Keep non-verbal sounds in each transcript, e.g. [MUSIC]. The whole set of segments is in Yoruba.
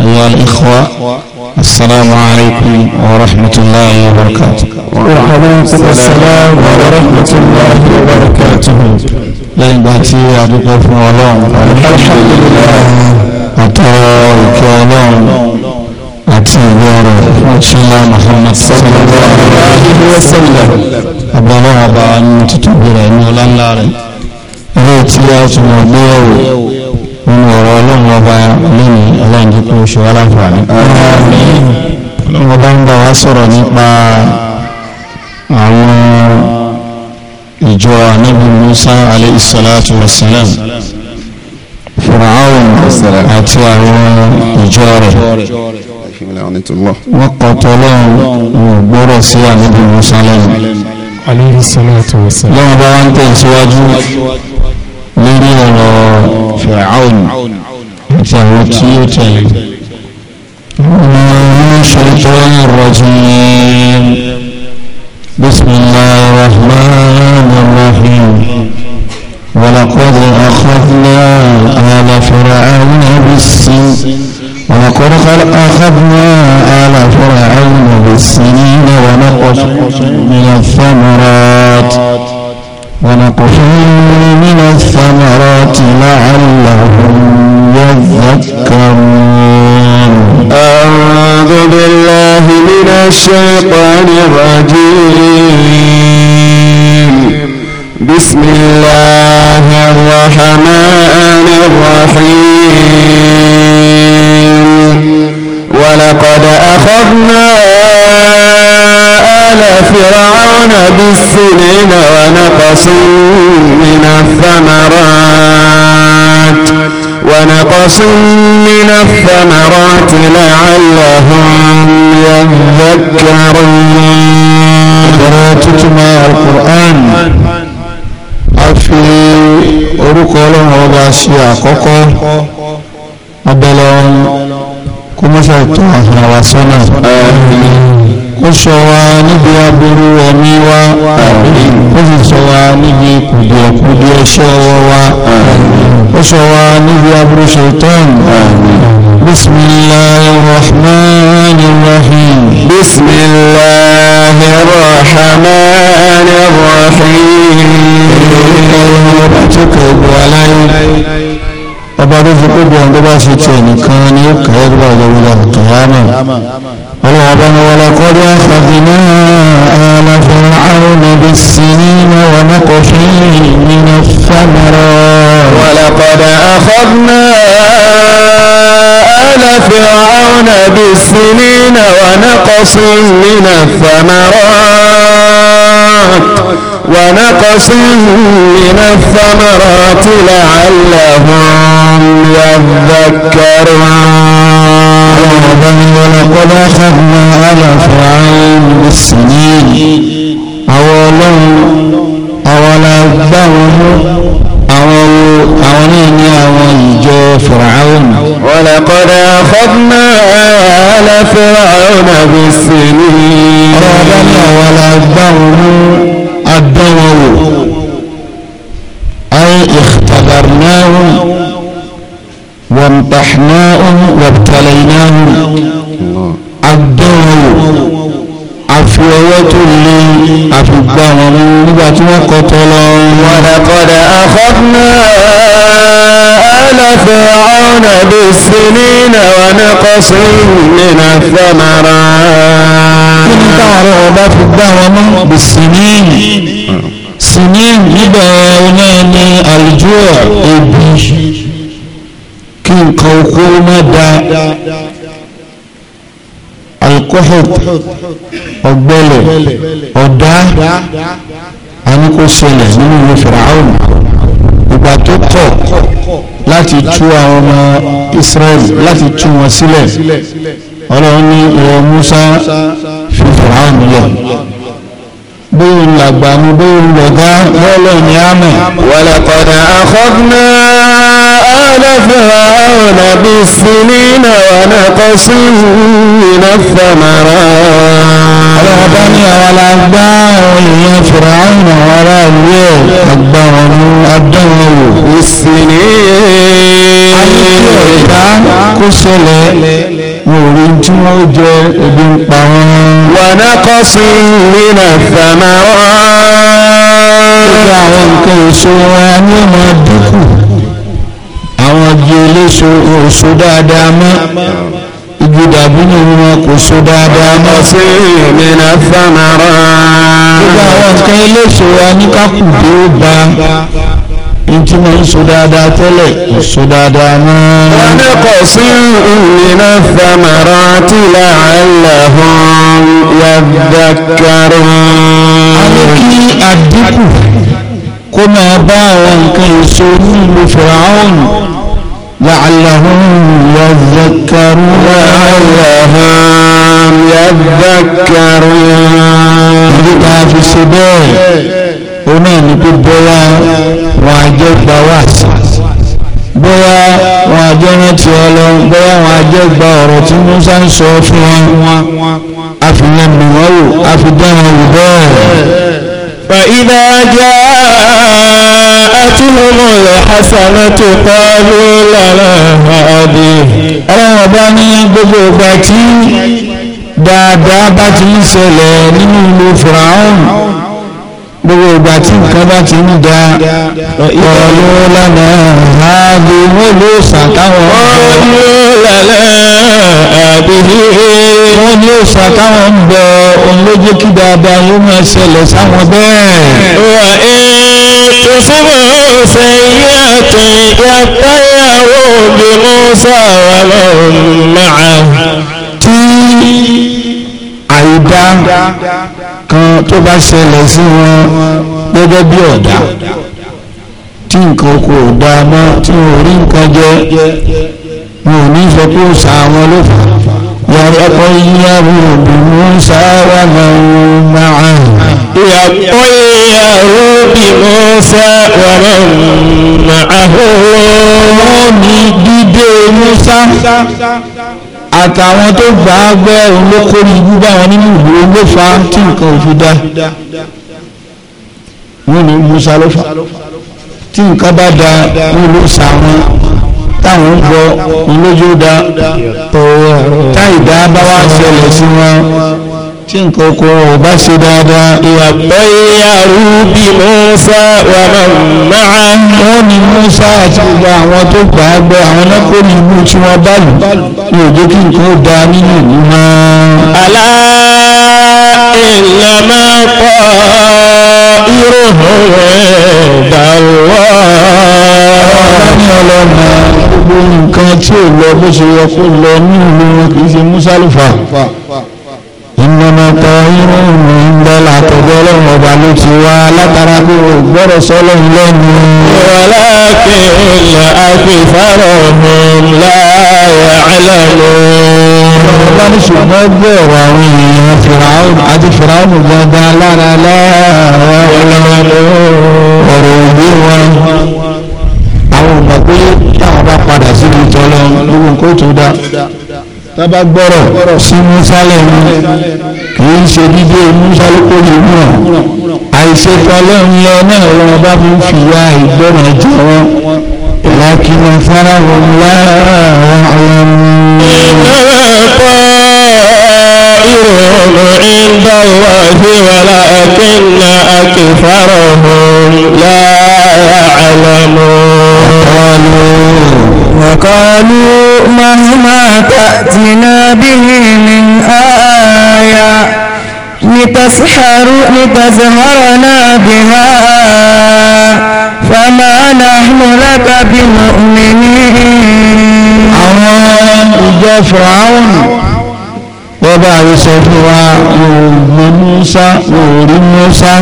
أيها الإخوة السلام عليكم ورحمة الله وبركاته وعليكم السلام ورحمة الله وبركاته لين باتي أدوكم ولون الحمد لله أترى كالون àti ìgbọ́rọ̀ الله Muhammad sallallahu الله. wa sallam abọ́lọ́wọ́ bá nínú títúbí rẹ̀ ní ọlá ńlá rẹ̀ ilé tí nínú ọ̀rọ̀ ọlọ́run ọba lẹ́nu ọlọ́run kó ṣe wá láǹfààní. ọlọ́run ọba ń bá wa sọ̀rọ̀ nípa àwọn ìjọ anábì Musa alayhi salatu wassalam fìràáhùn àti àwọn ìjọ rẹ̀ wọ́n kọ́ tọ́lọ́run wọ́n gbọ́rọ̀ sí anábì Musa lẹ́nu. alayhi salatu wassalam. lọ́wọ́ bá wá ń tẹ̀síwájú. lórí ọ̀rọ̀ fìràún àti àwọn tí ó tẹ̀lé الشيطان الرجيم بسم الله الرحمن الرحيم ولقد أخذنا آل فرعون بالسن ولقد أخذنا آل فرعون بالسنين ونقص من الثمرات ونقص من الثمرات لعلهم يذكرون أعوذ بالله من الشيطان الرجيم بسم الله الرحمن الرحيم ولقد أخذنا آل فرعون يأمرون بالسجن ونقص من الثمرات ونقص من الثمرات لعلهم يذكرون قراءتكما القرآن أفي أرقى لهم وباشي أقوى أبلون كما سيكتوا أهلا وسنة آمين ó sọ wa níbi aburú ẹ̀mí wa ó sì sọ wa níbi kùdìẹ̀kùdìẹ̀ ẹ̀ṣẹ̀ ọwọ́ wa ó sọ wa níbi aburú ṣaitan bismillahir rahmanir rahim bismillahir rahmanir rahim ọba tó kọ ọgbọ aláyé ọba tó fi kó gbọǹdọ́ bá ṣe tiẹ̀ nìkan ni ó kà ẹ́ gbọ́dọ̀ wọlé àkàyà náà. رعبا ولقد أخذنا آل فرعون بالسنين ونقش من الثمرات ولقد أخذنا آل فرعون بالسنين ونقص من الثمرات ونقص من الثمرات لعلهم يذكرون ولقد أخذنا على فرعون بالسنين أولم أولا الدهر أول أولين يا ويجو فرعون ولقد أخذنا على فرعون بالسنين أولا أولا الدهر الدهر أي اختبرناه وامتحناه وابتليناه agbẹ́wọ̀n wò àfi ọwọ́ tó lé àfìgbà wọn mú nígbà tí wọ́n kọ́ tọ́ lọ. wàdàkọ̀dà àkọ́fúnà àlàfẹ́ àwọn àbí sinina wà ní kọ́sí nínú fẹ́mara. kí ni káwọn ọba sinin níbẹ̀ ọ̀nà ni àlùjọ́ ẹ̀bí kí nǹkan oko má dáa alkohol ọ̀gbẹlẹ̀ ọ̀dá àníkó ṣẹlẹ̀ nínú ìlú fìràhùn ìgbà tó kọ̀ láti tú àwọn ọmọ Israẹli láti tú wọn sílẹ̀ Ọlọ́run ní ilẹ̀ Musa fi fìràhùn lọ bóyá ń làgbà ní bóyá ń lọ̀gá lọ́lọ́ ní àmì. walaqad akhadna ala fir'auna bis-sinina wa naqsin. الثمرات ọlọ́ọ̀bá ní àwọn alágbá àwọn èèyàn fìrà àwọn e. ará ìlú ẹ̀ àgbà wọn adánwò ìsìnì ayé ọ̀dá kó ṣẹlẹ̀ wọn ò rí tí wọ́n jẹ ebi ń pa wọn. dáadáa mọ́ dàbínú wọn kò so dáadáa mọ́. ọ̀sẹ̀ ìrìnà fámárà. gbogbo àwọn nǹkan eléso aníkàkùdé ó ba ntí mo ń so dáadáa tẹ́lẹ̀ kò so dáadáa mọ́. wọn ní kò sí ìrìnà fámárà tí làálàhùn yàgbàkàrọ̀. a ní kí àdínkù kó máa bá àwọn nǹkan èso nílùú fìràwọ̀n. لعلهم يذكرون لعلهم يذكرون nípa fi ṣe bẹ́ẹ̀ ó náà ní pé bóyá wọn àjẹ́ gba wàásà bóyá wọn àjẹ́ rántí ọlọ́run bóyá wọn àjẹ́ gba ọ̀rọ̀ tí Musa ń sọ fún wọn a fi yẹn mìíràn wò a fi dá wọn wò bẹ́ẹ̀. فإذا جاء tìlúmọ̀ rẹ̀ hasana tó kọ́lù lára ọ̀dẹ̀ ọlọ́run ọba ní gbogbo ìgbà tí dáadáa bá ti ń ṣẹlẹ̀ nínú ìlú fìràhùn gbogbo ìgbà tí nǹkan bá ti ń da ọ̀lú lánà ààbò mélòó sàkáwọn ọ̀lú lálẹ́ àbíhí wọ́n ní òòsà táwọn ń bọ òun ló jẹ́ kí dáadáa yóò máa ṣẹlẹ̀ sáwọn bẹ́ẹ̀. تصبوا سيئة يطيروا بموسى ومن معه tí àìdá kan tó bá ṣẹlẹ̀ sí wọn gẹ́gẹ́ bí ọ̀dá tí nǹkan kò dá mọ́ tí wọn ò rí nǹkan jẹ wọn ò ní sọ pé ó sa àwọn ló fà yàrá ọkọ̀ yíyá wọn bí wọn sáárà máa قل يأووا بموسى ومن Musa àtàwọn tó gbà á gbẹ́ òun ló kórí ibú báwọn nínú ìlú olófa tí nǹkan ò fi dá wọn ni Musa ló fà tí nǹkan bá da wọn ló sa wọn táwọn ń bọ òun lójú da táìdá bá wá ṣẹlẹ̀ sí wọn tí nǹkan kan ò bá ṣe dáadáa. ìwàpọ̀ ìyàrú bí Musa wà máa. wọ́n ní Musa àti gbogbo àwọn tó gbà á gbọ́ àwọn lọ́kọ́ ní ìlú tí wọ́n bá lù ní òjò kí nǹkan ó da nínú ìlú máa. alá ìlà máa pọ̀ ìròhùn ìdàwọ̀. ọlọ́ni ọlọ́mọ gbogbo nǹkan tí ò lọ bó ṣe yẹ kó lọ nílùú wọn kì í ṣe Musa ló fà ìnáná tọ irun ìgbẹ́ látọ̀dọ̀ ọlọ́run ọba ló ti wá látara pé o gbọ́dọ̀ sọ́lọ́run lẹ́nu. wàlákìlá àfihàn ọmọ láàyè àlàmú. ọba ní ṣùgbọ́n gbé ọ̀rọ̀ àwọn èèyàn fìràún àti fìràún gbọ̀ngàn lára láàárọ̀ ọ̀rọ̀ pé táwọn bá padà síbi ìtọ́lọ́ gbogbo nǹkan tó dáa tábà gbọ́rọ̀ sí musalẹ̀ mu kìí ṣe dídé musalukóyè náà àìṣètò ọlọ́run yọ náà wọn bá fi ń fìyà ìgbọ́ràn jẹ wọn ìlàkìlọ̀ fara wọn lára àwọn ìrọ̀lù ìdáwà sí wàlá ẹ̀kẹ́ ìlà àkẹfàrọ̀ ذلك سهرنا بها فما نحن لك بمؤمنين àwọn ìjọ fìràún bọ́bá rí sọ fún wa yóò Mùsá yóò rí Mùsá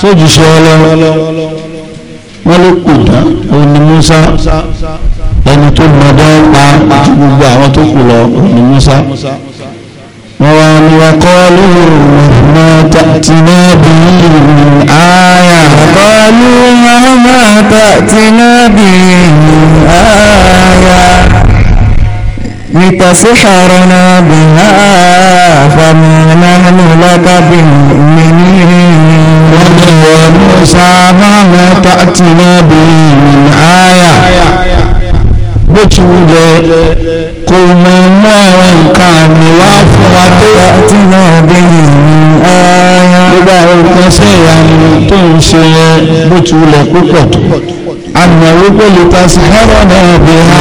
sójúṣe ọlọ́run ẹni tó mọ̀dọ́ pa gbogbo àwọn tó kù lọ òun ni Mùsá الأنعام وقالوا مهما تأتنا به من آية وقالوا مهما تأتنا به من آية لتسحرنا بها فما نحن لك بالمؤمنين وموسى مهما تأتنا به من آية bó ti wulẹ̀ kò mọ mọ àwọn nǹkan mi wá fún wa tó àti náà bí ìrìn ọ̀ọ́yá. gbogbo àwọn nǹkan sí ìyanu tó ń ṣe yẹn bó ti wulẹ̀ púpọ̀ tó. àmọ́ wípé lè ta sí náà bí ha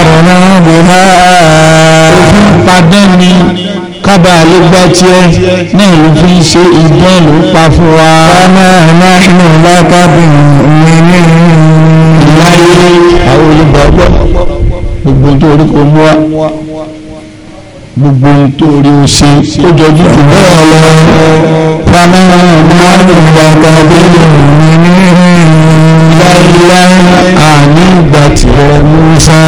ọ̀rọ̀ náà bí ha. òfin padà ni kábà ló gbá náà ló fi ń ṣe ìdán ló pa fún wa. ọ̀nà ìlànà ìlànà bá bí mi ní àwọn olùgbàgbọ́ gbogbo tó orí kò mú wa gbogbo tó orí o ṣe tó jọjú tó bẹ́ẹ̀ lọ fana máa ń gbà gbàgbé láíláí àní ìgbà tí ó Musa.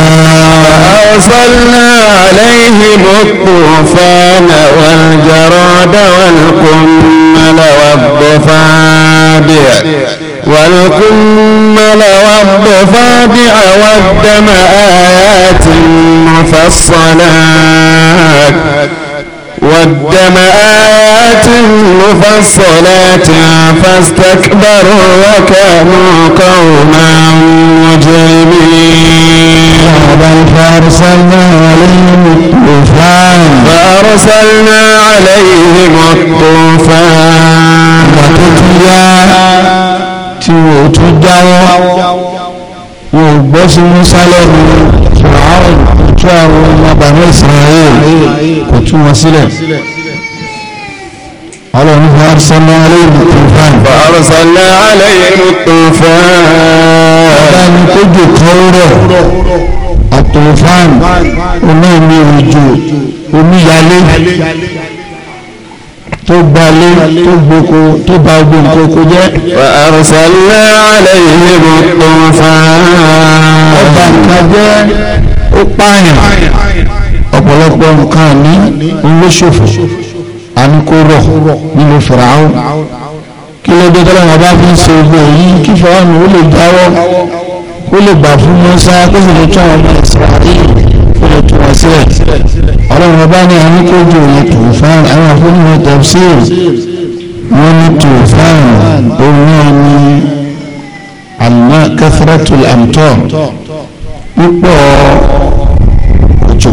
أرسلنا عليهم الطوفان والجراد والقمل والضفادع والقمل والضفادع والدم الصلاة والدم آيات مفصلات فاستكبروا وكانوا قوما مجرمين فأرسلنا عليهم الطوفان فأرسلنا عليهم الطوفان وتتيا تيوتو جاو وبس فرعون tú àwọn ọmọ bàbá Israel kò tú wọn sílẹ̀ ọlọ́run fún arsalna alayhim tufan. arsalna alayhim tufan. ọba ní kójú kan rọ̀ àtòfan onáàmì òjò omíyalé tó gbalé tó gboko tó ba ogun koko jẹ́. arsalna alayhim tufan. ọba kan jẹ́ pípààyàn ọ̀pọ̀lọpọ̀ nǹkan ní olóṣòfò àníkóró nínú fìràún kí ló dé tọ́lọ́wọ́n bá fi ń ṣe ogun èyí kí fìràún ó lè dáwọ́ ó lè gbà fún mọ́sá kó sì lè tún àwọn ọmọ ìsirahí ó lè tún wọn sílẹ̀ ọlọ́run ọba ní àníkójú òye tó fáwọn àwọn afúnimọ̀ tẹ̀síìrì wọ́n ní tó fáwọn òun náà ní àlùmọ́ kẹfẹ́rẹ́tù àmtọ́ pípọ̀ òjò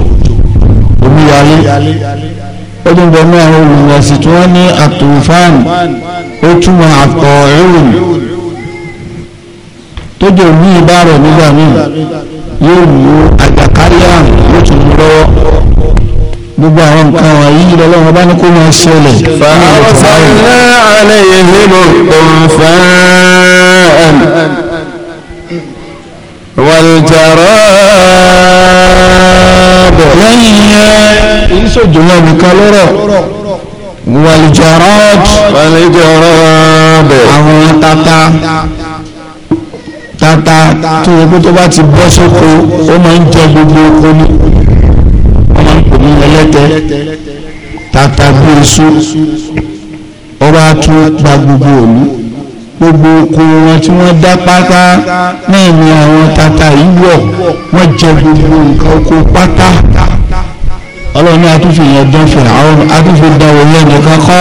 omíyalé ó tún bọ̀ mọ́ àwọn olùrẹ̀sì tí wọ́n ní àtòfáàn ó túnmọ̀ àtọ̀ ẹ̀rùn tó jẹ́ òní ìbárọ̀ nígbà míì yóò mú àjàkárí àrùn yóò tún mú gbogbo àwọn nǹkan àwọn yìí lọ́wọ́ bá ní kó máa ṣẹlẹ̀ fáwọn ọ̀sán náà alẹ́ pé tó bá ti bọ́ sóko ó máa ń jẹ gbogbo oko ni wọ́n máa ń pè ní ẹlẹ́tẹ̀ tata bí iṣu ọba tún gba gbogbo òlu gbogbo oko wọn tí wọ́n dá pátá náà ni àwọn tata yìí wọ̀ wọ́n jẹ gbogbo nǹkan oko pátá ọlọ́run ní atúfì yẹn dán fìrà àwọn atúfì dán wọ yẹn nìkan kọ́.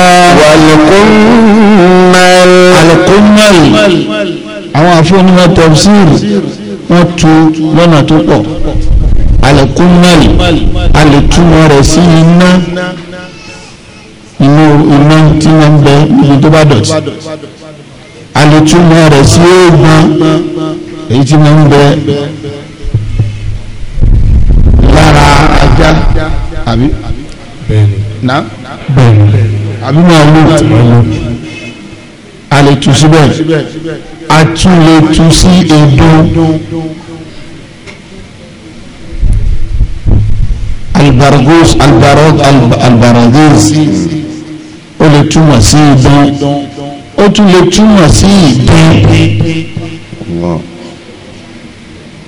wàlùkùnmẹ́lì. àwọn àfọwọ́nìmọ̀ tẹ̀síìrì wọ́n tu lọ́nà tó pọ̀ alẹ́kúnmẹ́lì alẹ́túmọ̀ rẹ̀ sí iná inú iná tí wọ́n ń bẹ ibi tó bá dọ̀tí alẹ́túmọ̀ rẹ̀ sí oògùn èyí tí wọ́n ń bẹ lára ajá àbí na àbí màálù alẹ́tù síbẹ̀ atúletu sí edo albargos albarog albaragos O lè túmọ̀ sí idán ó tún lè túmọ̀ sí ìdán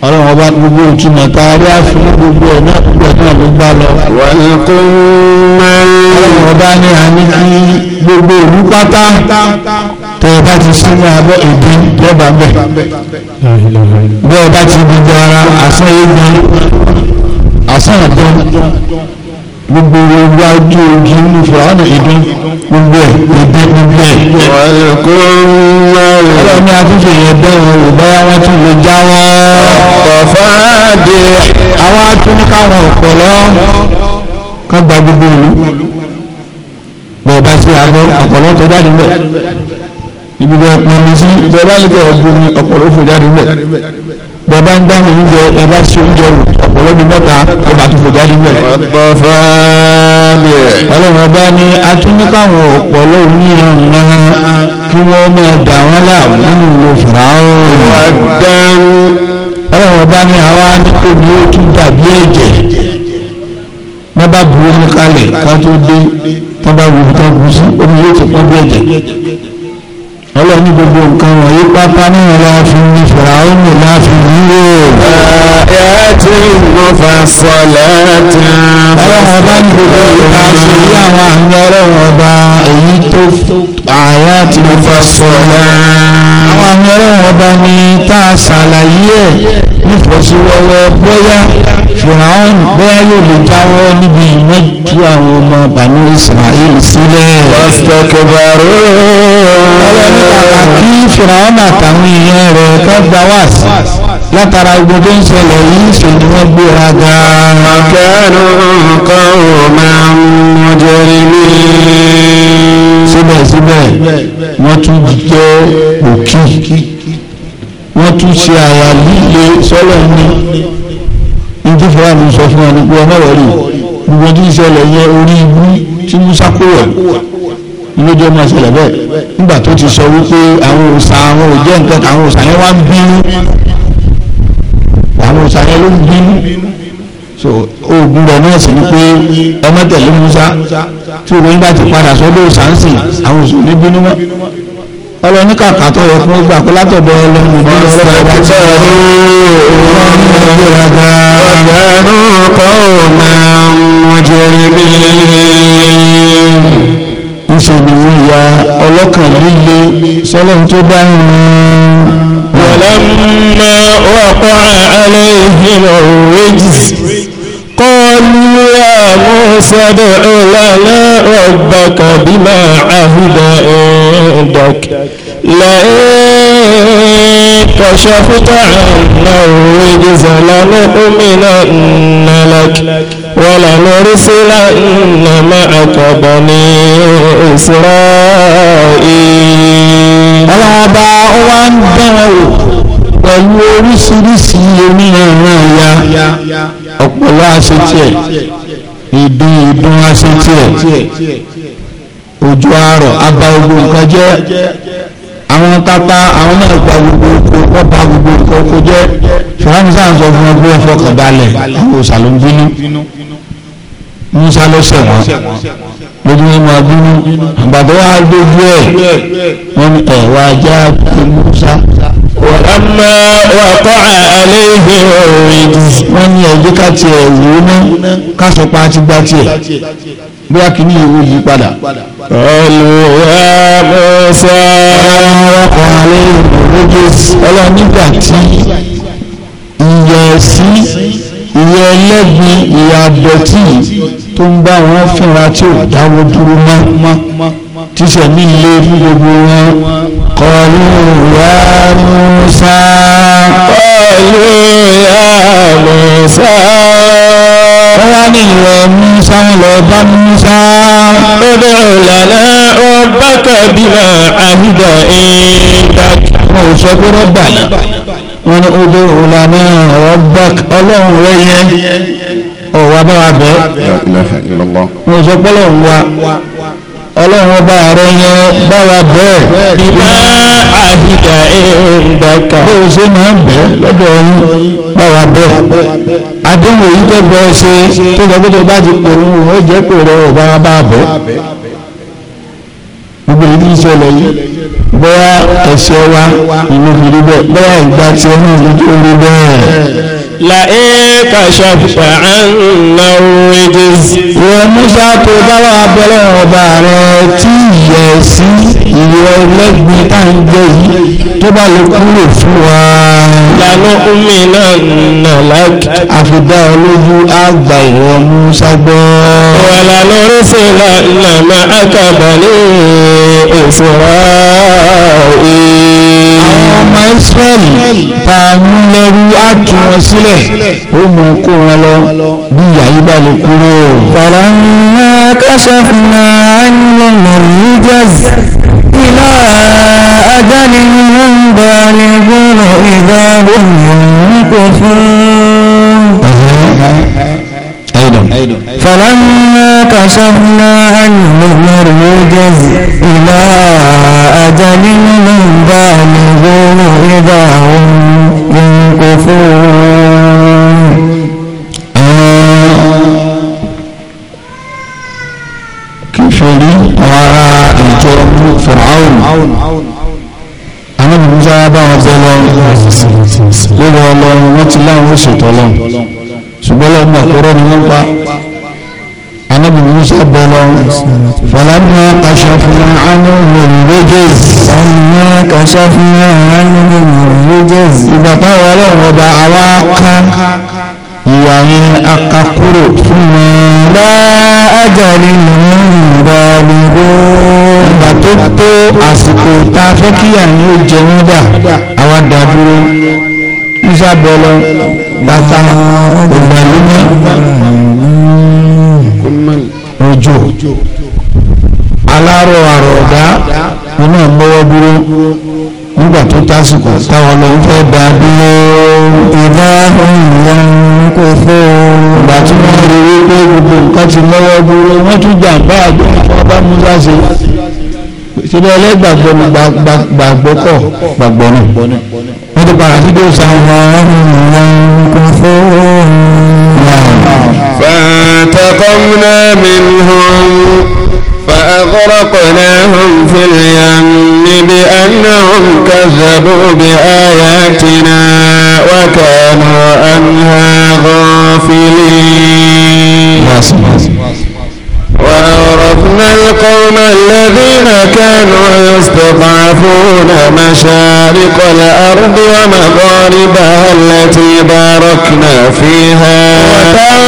ọlọ́run ọba gbogbo ìtumọ̀ tá a rí àfún gbogbo ẹ̀ náà gbogbo ẹ̀ náà ló gbá lọ. wọ́n kó ọlọ́run ọba ní àní kí gbogbo ìlú pátá tẹ̀ bá ti sínú abọ́ ìdán lọ́ba ń bẹ̀. bí ọba ti gbogbo ara àsán eégún àsán àdán gbogbo ogun ajú ojú nínú fúlàánù ìdún gbogbo ẹ̀ ìdún gbogbo ẹ̀. ọ̀rọ̀ mi àfihàn yẹn bẹ́ẹ̀ wò báyà wọ́n tún lè já wọ́n. ọ̀fáàdì àwọn atúnikáwọn ọ̀pọ̀lọ́ kan gba gbogbo ìlú. bọ̀ọ̀bá sí àgọ́ ọ̀pọ̀lọ́ tó jáde bẹ́ẹ̀ ibi bẹ́ẹ̀ pọnmi sí ìjọba níbẹ̀ ọdún ní ọ̀pọ̀lọpọ̀ fò jáde bẹ̀ bàbá ń dáhùn oúnjẹ ẹ̀bá sí oúnjẹ rò ọ̀pọ̀lọpọ̀ mẹ́ta ọba tó fò jáde bẹ̀. ọlọ́run ọba ní atúnikàwọn ọ̀pọ̀lọ́ oníran náà kí wọ́n máa dà wọ́n láàmú nínú ìlú fìràwọ̀. ọlọ́run ọba ní àwa ní omi ó tún dàbí ẹ̀jẹ̀ wọ́n bá bu omi kalẹ̀ ká tó dé wọ́n bá wù ú tán kù sí omi yóò ti pọ́n bí ẹ̀jẹ̀ ọlọ́ni gbogbo nǹkan wọ̀nyí pápá náà láàfin ní fìràúnù láàfin nílò ẹ̀ẹ́tì ìgbọ́fà sọ̀lẹ̀ tí ọlọ́wọ́ bá ní gbogbo ìpàṣẹ yí àwọn àmì ọlọ́wọ́ bá èyí tó àyà ti gbọ́fà sọ̀lẹ̀ àwọn àmì ọlọ́run ọba ni tá a ṣàlàyé ẹ̀ nífọ̀síwọ́wọ́ bóyá fìràhàn bóyá yóò lè jáwọ́ níbi ìmọ̀jú àwọn ọmọ bàánú Israel sílẹ̀. pásítọ̀kẹ̀bàrò. ọlọ́run kàkà kí fìràhàn àtàwọn èèyàn rẹ̀ ká gbà wá sí látara gbogbo tó ń ṣẹlẹ̀ yìí ṣe ni wọ́n gbéra gan-an. àkẹ́rù ò máa ń mọ̀jẹ̀rì mi síbẹ̀síbẹ̀ wọ́n tún jẹ́ òkì wọ́n tún ṣe àyà líle sọ́lọ̀ ní ibi fúnra mi sọ fún ẹni pé ọmọ rẹ̀ rí gbogbo tí ìṣẹ̀lẹ̀ yẹ orí ibú tí musa kó wà lójú ọmọ ìṣẹ̀lẹ̀ bẹ́ẹ̀ nígbà tó ti sọ wípé àwọn òòṣà àwọn òjẹ́ nǹkan àwọn òòṣà yẹn wá ń bínú àwọn òòṣà yẹn ló ń bínú so oògùn rẹ̀ náà sì ni pé ọmọ tẹ̀lé musa tí obìnrin bá ti padà sọ́dọ̀ sáǹsì àwọn oṣù ní bínú mọ́ ọlọ́ni kàkà tó yẹ fún gbà pé látọ̀dọ̀ ọlọ́run bí ọlọ́run bá ti sọ̀rọ̀ ní ọlọ́run ìgbéraga ọ̀dẹ́nu kọ́ ọ̀nà mọ̀jẹ̀rẹ̀mí. ìṣèlú ìyá ọlọ́kàn líle sọ́lọ́run tó bá ń rìn. wọ́n lọ́mọ wọ́pọ̀ àlẹ́ ìhìnà òwe jì. يا موسى ادع لنا ربك بما عهد عندك لئن كشفت عنا الرجز لنؤمنن لك ولنرسلن معك بني إسرائيل ọlọ́ọ̀bá wa ń bẹ̀rù ولنرسل oríṣiríṣi يا ọlá aṣetiẹ̀ ìdún ìdún aṣetiẹ̀ òjò àárọ̀ abà gbogbo nǹkan jẹ́ àwọn tata àwọn náà gba gbogbo oko wọ́n ba gbogbo nǹkan oko jẹ́ ṣùgbọ́n sáà ń sọ fún ọgbẹ́ ẹ̀fọ́ kàbálẹ̀ àwọn musa ló ṣẹ̀wọ̀n lójú wọn máa bínú àgbàdo wa lójú ẹ wọn ẹ wá já musa. wàlámà wàkọ́ àlẹ́ ìgbé ọ̀rìn. wọ́n ní ẹ̀jẹ̀ ká tiẹ̀ wò ó ná ká sọ pa àti gbá tiẹ̀ bí a kì ní ìwé yìí padà. olùwà musa. wàkọ́ àlẹ́ ìgbé ọlọ́run nígbà tí ìyẹ̀sí ìyẹ̀lẹ́gbin ìyàdọ̀tì tó ń bá wọn fúnra tí ò dáwọ́ dúró mọ́ tíṣẹ̀ mi lé gbogbo wọn. kọlu ya musa kọlu ya musa. wọ́n wá ní ìwẹ̀ musa ń lọ bá musa. ó dé òlàlẹ́ ó bá tẹ̀bí àhídà ìgbà. wọn ò sọ pé rọ́bà náà wọn ni ó dé òlàlẹ́ ọ̀rọ̀ bá ọlọ́run rẹ̀ yẹn ọ̀wà bá wa bẹ́ẹ̀ mo sọ pé ọlọ́run wa ọlọ́run ọba ààrẹ yẹn bá wa bẹ́ẹ̀. bíbá àdìgà ẹ̀ẹ́dàkà. bó o ṣe máa ń bẹ́ẹ̀ lọ́dọ̀ ọ̀hún bá wa bẹ́ẹ̀. àdéhùn èyí tó bẹ ọ ṣe tó lọ bó tó bá ti pè ń ó jẹ́ pé rẹ ò bá wa gbogbo èyí ti ṣẹlẹ̀ yìí bóyá ẹ̀ṣẹ̀ wa ìlú fi bẹ́ẹ̀ bóyá ìgbà tí náà ló tó rí bẹ́ẹ̀. làẹ́ kàṣàfà àná rẹ̀jẹ̀sì. wọ́n musa tó bá wà bẹ́lẹ̀ ọba rẹ̀ tí ìyẹ̀ sí ìwọ ẹlẹ́gbin tá ń jẹ yìí tó bá lè kúrò fún wa. lànà omi náà nà láàkì. àfidá olójú àgbà ìwọ musa gbọ́. wà lànà oríṣi lànà máa ní ìṣòro ìyẹn àwọn ọmọ Ísírẹ́lì tá a mú lẹ́rú á tú wọn sílẹ̀ ó mọ kó wọn lọ bí ìyá yìí bá lè kúrò. bàrà ńlá kásàfùnà ánìlọ́nà yìí jẹ́sì ilá ajáde ni wọ́n ń bá a lè gbọ́nà ìdá òyìnbó fún un. أيضا فلما كشفنا عنه المرجز إلى أجل من بالغون إذا هم ينكفون kífèrè ara ìjọ fìràún anábìbújá bá wọn bẹ lọ lórí ọlọ́run wọn ti láwọn ó ṣètò ọlọ́run ọmọ àkọ́rọ́ ni wọ́n pa anabi musa bọ́lọ́ falamma kashafna anhu al-rijz falamma kashafna anhu al-rijz ìgbà táwọn ọlọ́run ọba àwa kan ìwà yẹn akakúrò fún wọn. bá ajáde lòún bá lùgbò. ìgbà tó tó àsìkò tá a fẹ́ kíyà ni jẹ wọ́n dà àwa isa bẹlẹ bàtà ìgbàlúmọ òjò alárò àròdá nínú ìgbọwọ dúró nígbà tó tásìkò táwọn lọ ń fẹ́ da dúró ìdá ìyẹn kò fẹ́ ìgbà tí wọ́n rí wípé gbogbo nǹkan ti lọ́wọ́ dúró wọ́n tún jàǹbá àjọ ọba musa ṣe ṣe bí ẹlẹ́gbàgbọ́ gbàgbọ́ kọ̀ gbàgbọ́ náà. فانتقمنا منهم فأغرقناهم في اليم بأنهم كذبوا بآياتنا وكانوا عنها غافلين مشارق الأرض ومغاربها التي باركنا فيها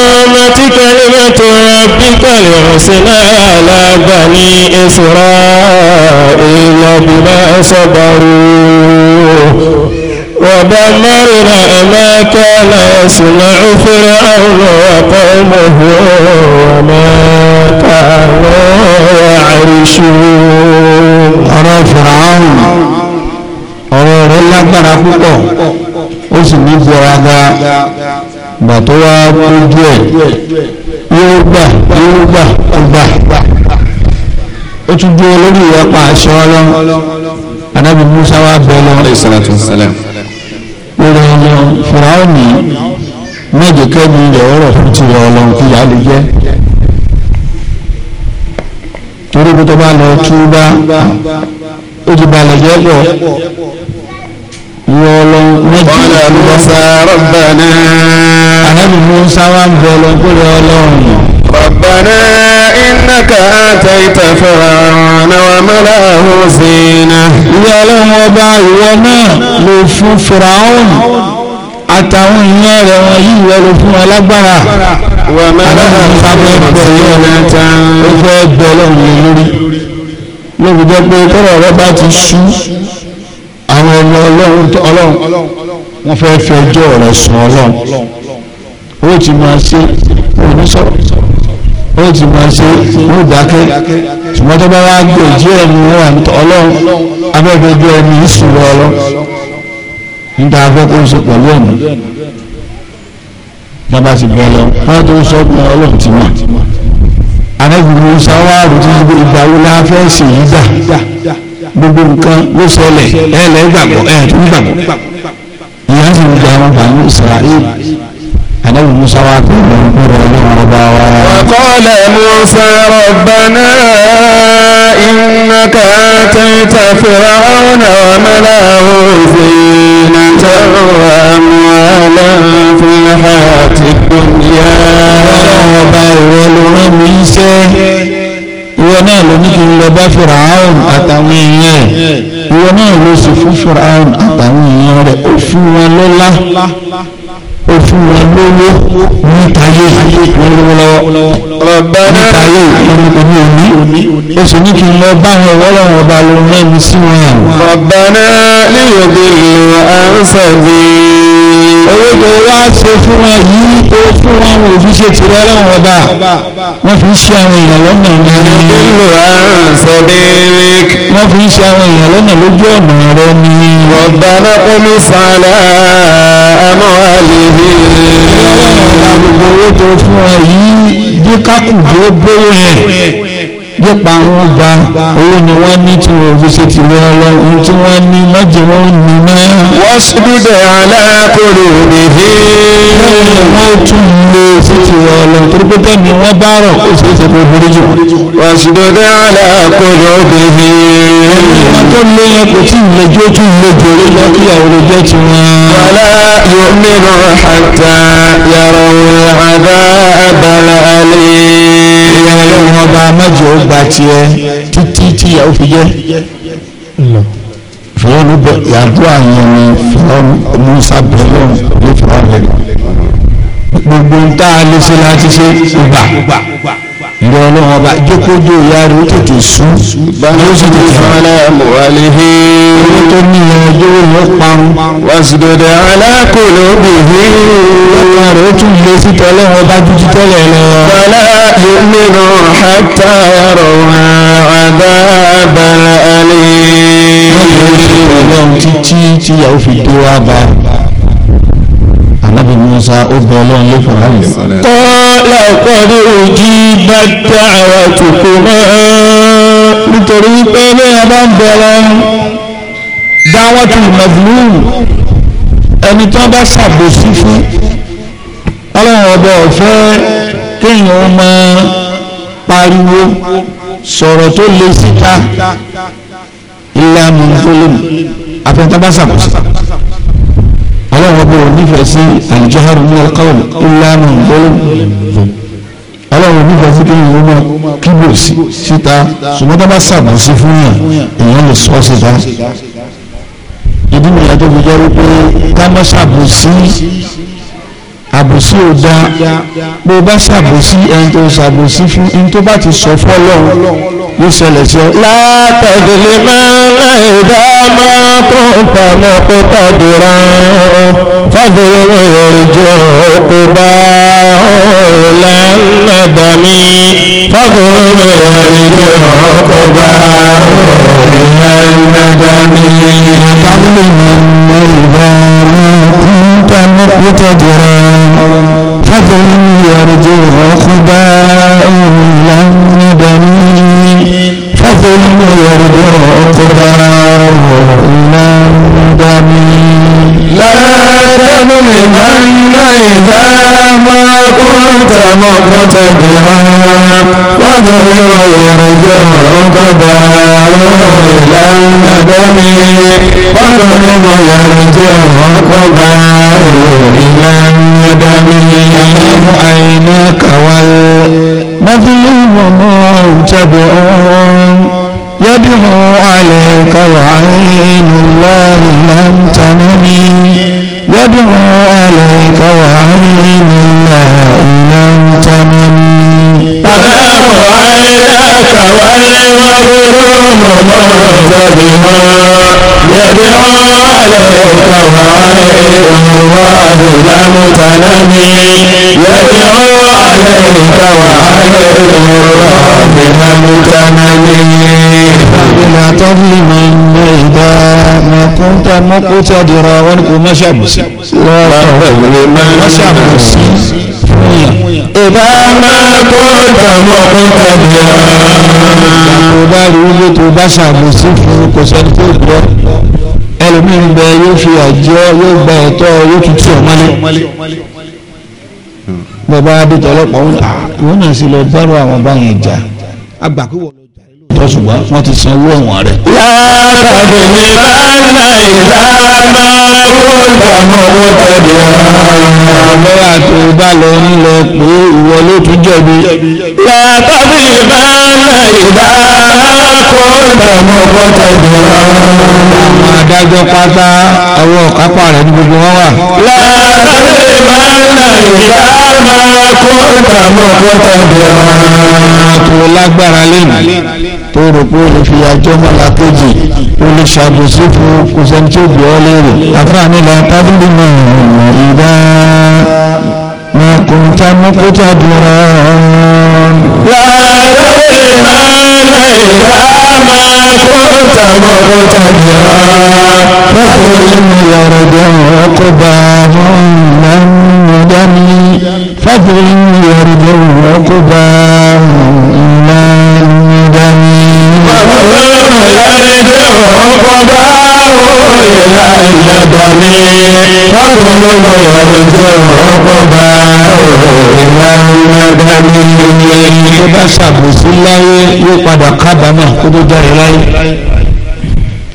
وتمت كلمة ربك لحسنى على بني إسرائيل بما صبروا ودمرنا ما كان يصنع فرعون وقومه وما كانوا يعرشون أرى فرعون lágbára púpọ̀ ó sì ní gbọ́ra ga gbà tó wá kójú ẹ̀ yóò gbà yóò gbà ó gbà ó tún dúró lórí ìyapa àṣẹ ọlọ́run anábì Musa wá bẹ lọ́wọ́ ìsàlàtù sàlẹ̀m lórí ọmọ fìràwọ̀nì méje kẹ́bi ilẹ̀ ọ̀rọ̀ fún ti ọlọ́run kí yàá lè jẹ́ torí pé tó bá lọ túbá ó ti balẹ̀ jẹ́ pọ̀ wọ́ọ̀lọ́ wọ́ọ̀lọ́ musa rabbana. àlẹ́bí musa wa ń bọ̀ lọ kúrẹ́ ọlọ́run. rabbana innaka ataita fir'auna wa malahu zina. ìyá ọlọ́run ọba ìwọ náà ló fún fìràhùn àtàwọn èèyàn rẹ̀ wọ́n yí ìwọ ló fún alágbára. wà á máa ń fa bẹ́ẹ̀ bẹ̀rẹ̀ náà ó fẹ́ bẹ̀rẹ̀ lórí. lóbi jẹ́ pé tọ́rọ̀ rẹ bá ti ṣú àwọn ẹni ọlọ́run ọlọ́run wọ́n fẹ́ fẹ́ ọjọ́ rẹ̀ sùn ọlọ́run ó ti máa ṣe onísọ̀rọ̀ ó ti máa ṣe ó dákẹ́ ṣùgbọ́n tó bá wá gbé ìjẹ́ ẹni wọn àmì ọlọ́run abẹ́gbẹ́gbẹ́ ẹni ìṣòro ọlọ́run ń da afẹ́kọ́ ṣe pẹ̀lú ẹ̀mí bàbá ti bẹ̀ lọ wọ́n tó sọ pé ọlọ́run ti mọ̀ àrẹ́gbẹ̀rún sáwárù ti gbé ìgbàwó láfẹ́ ṣèyí dà gbogbo nǹkan ló ṣẹlẹ̀ ẹ lẹ́ gbàgbọ́ ẹ tún gbàgbọ́ ìyá sì ń gba àwọn bàánú Israẹli ànábì Musa wa tó lọ nípa Ọlọ́run ọba wa. wàkọ́lẹ̀ Musa rọ̀bánà ìnáka tẹ́tà fìrà ọ̀nà ọ̀mẹ́lá òfin àtàwọn àmọ́ àlàáfíà àti ìgbòmíyà. ọlọ́run ọba ìwọ ló rán mi iṣẹ́ náà ló ní kí n lọ bá fìràhàn àtàwọn èèyàn rẹ̀ ìwọ náà ló sì fún fìràhàn àtàwọn èèyàn rẹ̀ ó fún wọn lọ́lá ó fún wọn lówó nítayé lọ́wọ́lọ́wọ́ nítayé ìrìnkòmí òní ó sì ní kí n lọ bá wọn wọ́lọ́wọ́ ọba lóun náà ní sí wọn. ọ̀bàná lè yọ̀gbìn lè à ń sọ̀gbìn owó tó wá ṣe fún wọn yìí tó fún wọn wò fi ṣe tirẹ̀ ọlọ́run ọba wọ́n fi ń ṣe àwọn èèyàn lọ́nà rẹ ni wọ́n fi ṣe àwọn èèyàn lọ́nà lójú ọ̀nà rẹ ni. ọ̀bàlá pẹ̀lú sàlá àmọ́ àlèyé. ọlọ́run ọba gbogbo owó tó fún wọn yìí bí kákùn tó nípa wọn gba owó ni wọ́n ní tí wọ́n fi ṣe ti wọ́n lọ ohun tí wọ́n ní májè wọ́n ní náà. wọ́n ṣubúdẹ̀ alákòrò nìyí. wọ́n tún lè ṣe ti wọ́n lọ torí pé wọ́n bá rọ̀ kó ṣe ṣe kó burú jù. wọ́n ṣubúdẹ̀ alákòrò nìyí. wọ́n tó lé yẹn kò tí ì lè tún lè jòrè lọ kí àwọn ọjọ́ ti wọn. wàlá yóò mìíràn àtà yàrá òun àbá àbàlà àlè ọlọ́run ọba mẹ́jọ ó gba tiẹ̀ títí tí ìyàwó fi jẹ́ fìrọ́nù bẹ yàgò àyàn ni fìrọ́nù musa bẹ̀rẹ̀ ló fìrọ́nù rẹ̀ gbogbo ń tá a lè ṣe láti ṣe ìgbà ìrẹ ọlọ́run ọba jókòjò ìyá rẹ ó tètè sùn ló sì tètè fọlá mọ̀wálé hé owó tó ní ìyá ọjọ́ ìwọ parun wàsídọ̀dẹ̀ alákòló bèbè ọba rẹ ó tún lé sí bá dúdú tẹ́lẹ̀ lọ. fọlá ìmìnà fi dé wá bá Musa ó bẹ ọlọ́run ló fara hàn lẹ́nu. kọ́lá kọ́lá òjì bá dá àwọn àtòkò mọ́ nítorí pé ní abá ń bẹ ọlọ́run dáwọ́ tó mẹ́fúlùú ẹni tó bá ṣàbòsí fún ọlọ́run ọba ọ̀fẹ́ kéèyàn máa pariwo sọ̀rọ̀ tó le síta ìlànà tó lónìí ọlọ́run bó nífẹ̀ẹ́ sí àlùjáhàrù ní ọlọ́kàwọ̀ ìlànà ìgbọ́lọ́run ọlọ́run nífẹ̀ẹ́ sí kéyìn ó máa kíbò síta ṣùgbọ́n bá sàbò sí fún yàn èèyàn lè sọ síta ìdí mi ìyàtọ̀ fi jẹ́ wípé ká má sàbò sí àbòsí ò dáa bó o bá ṣàbòsí ẹni tó ṣàbòsí fún ẹni tó bá ti sọ fọ́lọ́run ló ṣẹlẹ̀ sí ọ. látàdílé máa ń ẹ̀dá máa tó ń pa náà kó tàdúrà fàdúrà ìrìnjọ kó bá lánàdà mi fàdúrà ìrìnjọ kó bá lánàdà mi. tábìlì mi ń mọ ìbọn mi kúńtà kó tàdúrà. ترد عقباه إلى الجميع لا تظلمن إذا ما كنت مقتدرا واضرب يرجع عقباه إلى الندم واضرب يرجع عقباه mọ́kútẹ́dìrọ̀ wọn ni kò má ṣàbùsí. má ṣàbùsí. ìbá máa tó ìgbà mọ́kútẹ́dìrọ̀. tó bá rí wíwé tó bá ṣàbùsí fún kò sẹ́ni tó gbọ́ ẹlòmíín bẹ yóò fi àjọ yóò gba ẹ̀tọ́ yóò tutù ọ̀mọ́lé bàbá adéjọ́ ọlọ́pàá wọn náà sì lọ bárò àwọn báyìí jà agbàkúwọ̀ tọ́ ṣùgbọ́n wọ́n ti san owó ẹ̀wọ̀n rẹ̀. látàbí ní bàbá ìlànà olùdámọ̀ owó tẹ̀lé àmọ́ àti ìbá lọ ń lọ pé ìwọ ló tún jẹ̀bi. látàbí ní bàbá ìlànà olùdámọ̀ owó tẹ̀lé àwọn adájọ́ pátá ọwọ́ kápá rẹ̀ ní gbogbo wọn wà. látàbí ní bàbá ìlànà olùdámọ̀ tẹ̀lé àwọn tó lágbára lẹ́nu tó rò pé o lè fi àjọ mọ́lá kejì o lè ṣàbòsí fún kò sẹ́ni tí ó bì ọ́ léèrè. àfààní la tábìlì náà ìdá wọn kò ń ta mọ́kútà dùnrà. láàárọ̀ ìmọ̀lẹ̀ ìyá máa kó ta mọ́kútà dùnrà. báwo ni ìdáhùn ọkọ̀ bá wọn náà ń dání fábìlì ìyàrá ìdáhùn ọkọ̀ bá. ọ̀pọ̀bá òyìnbá ìlàdọ̀mí ọ̀pọ̀lọpọ̀ ìrọ̀lẹ́jọ́ ọ̀pọ̀bá òyìnbá ìlàdọ̀mí. tó bá ṣàbòsí láyé yóò padà kábàámà kó tó jáde láyé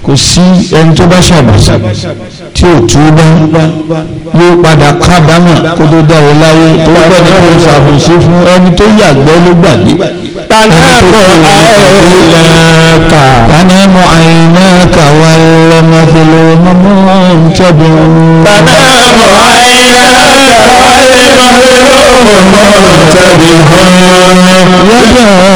kò sí ẹni tó bá ṣàbòsí tí ò túbá yóò padà kábàámà kó tó jáde láyé tó gbọ́dọ̀ kó ṣàbòsí fún ẹni tó yàgbẹ́ ló gbàgbé. تنام عيناك تنام عيناك والمظلوم منتبع تنام عيناك والمظلوم منتبع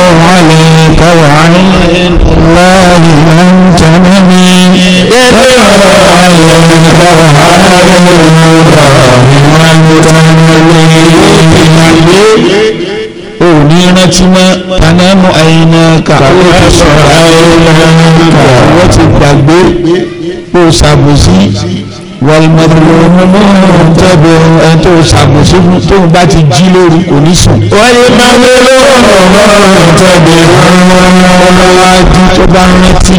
rántí mọ́ tanamu àyìnà kàwé sọ̀rọ̀ àyìnà wọ́n ti gbàgbé kó ṣàbòsí wàlùmọ̀tòlùmọ̀ mọ́ tẹ́bẹ̀ ẹ̀ tó ṣàbòsí tó ń bá ti jí lóru kò ní sùn. wàlùmọ̀tòlùmọ̀ mọ́ tẹ́bẹ̀ ọlọ́wájú tó bá rántí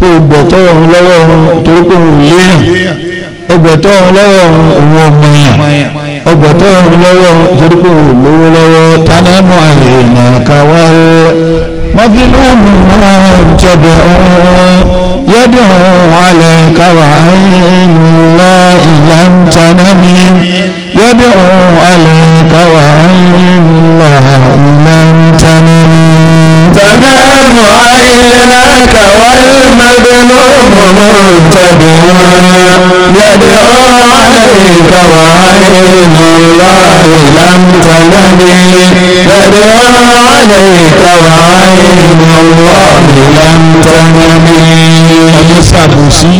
kó gbọ̀tọ̀ ọ̀run lọ́wọ́ ọ̀run torí pé òun lè rìn ẹgbẹ̀tọ̀ ọ̀run lọ́wọ́ ọ̀run òun ọmọ yẹn ọgbà tó ń lọ́wọ́ torí pé òun lówó lọ́wọ́ tánàmù àìrìnà kàwá rẹ̀ mọ́fílùmù náà jọ̀bẹ̀ ọ̀rọ̀ yẹ́dùn alẹ́ kàwá ńlá ìyá ń tánàmì yẹ́dùn alẹ́ kàwá ńlá ìyá ń tánàmì. tánàmù àìrìnà kàwá mọ́fílùmù náà. وعين الله لم تنبي بدر عليك الله لم تنبي ẹni ṣàbòsí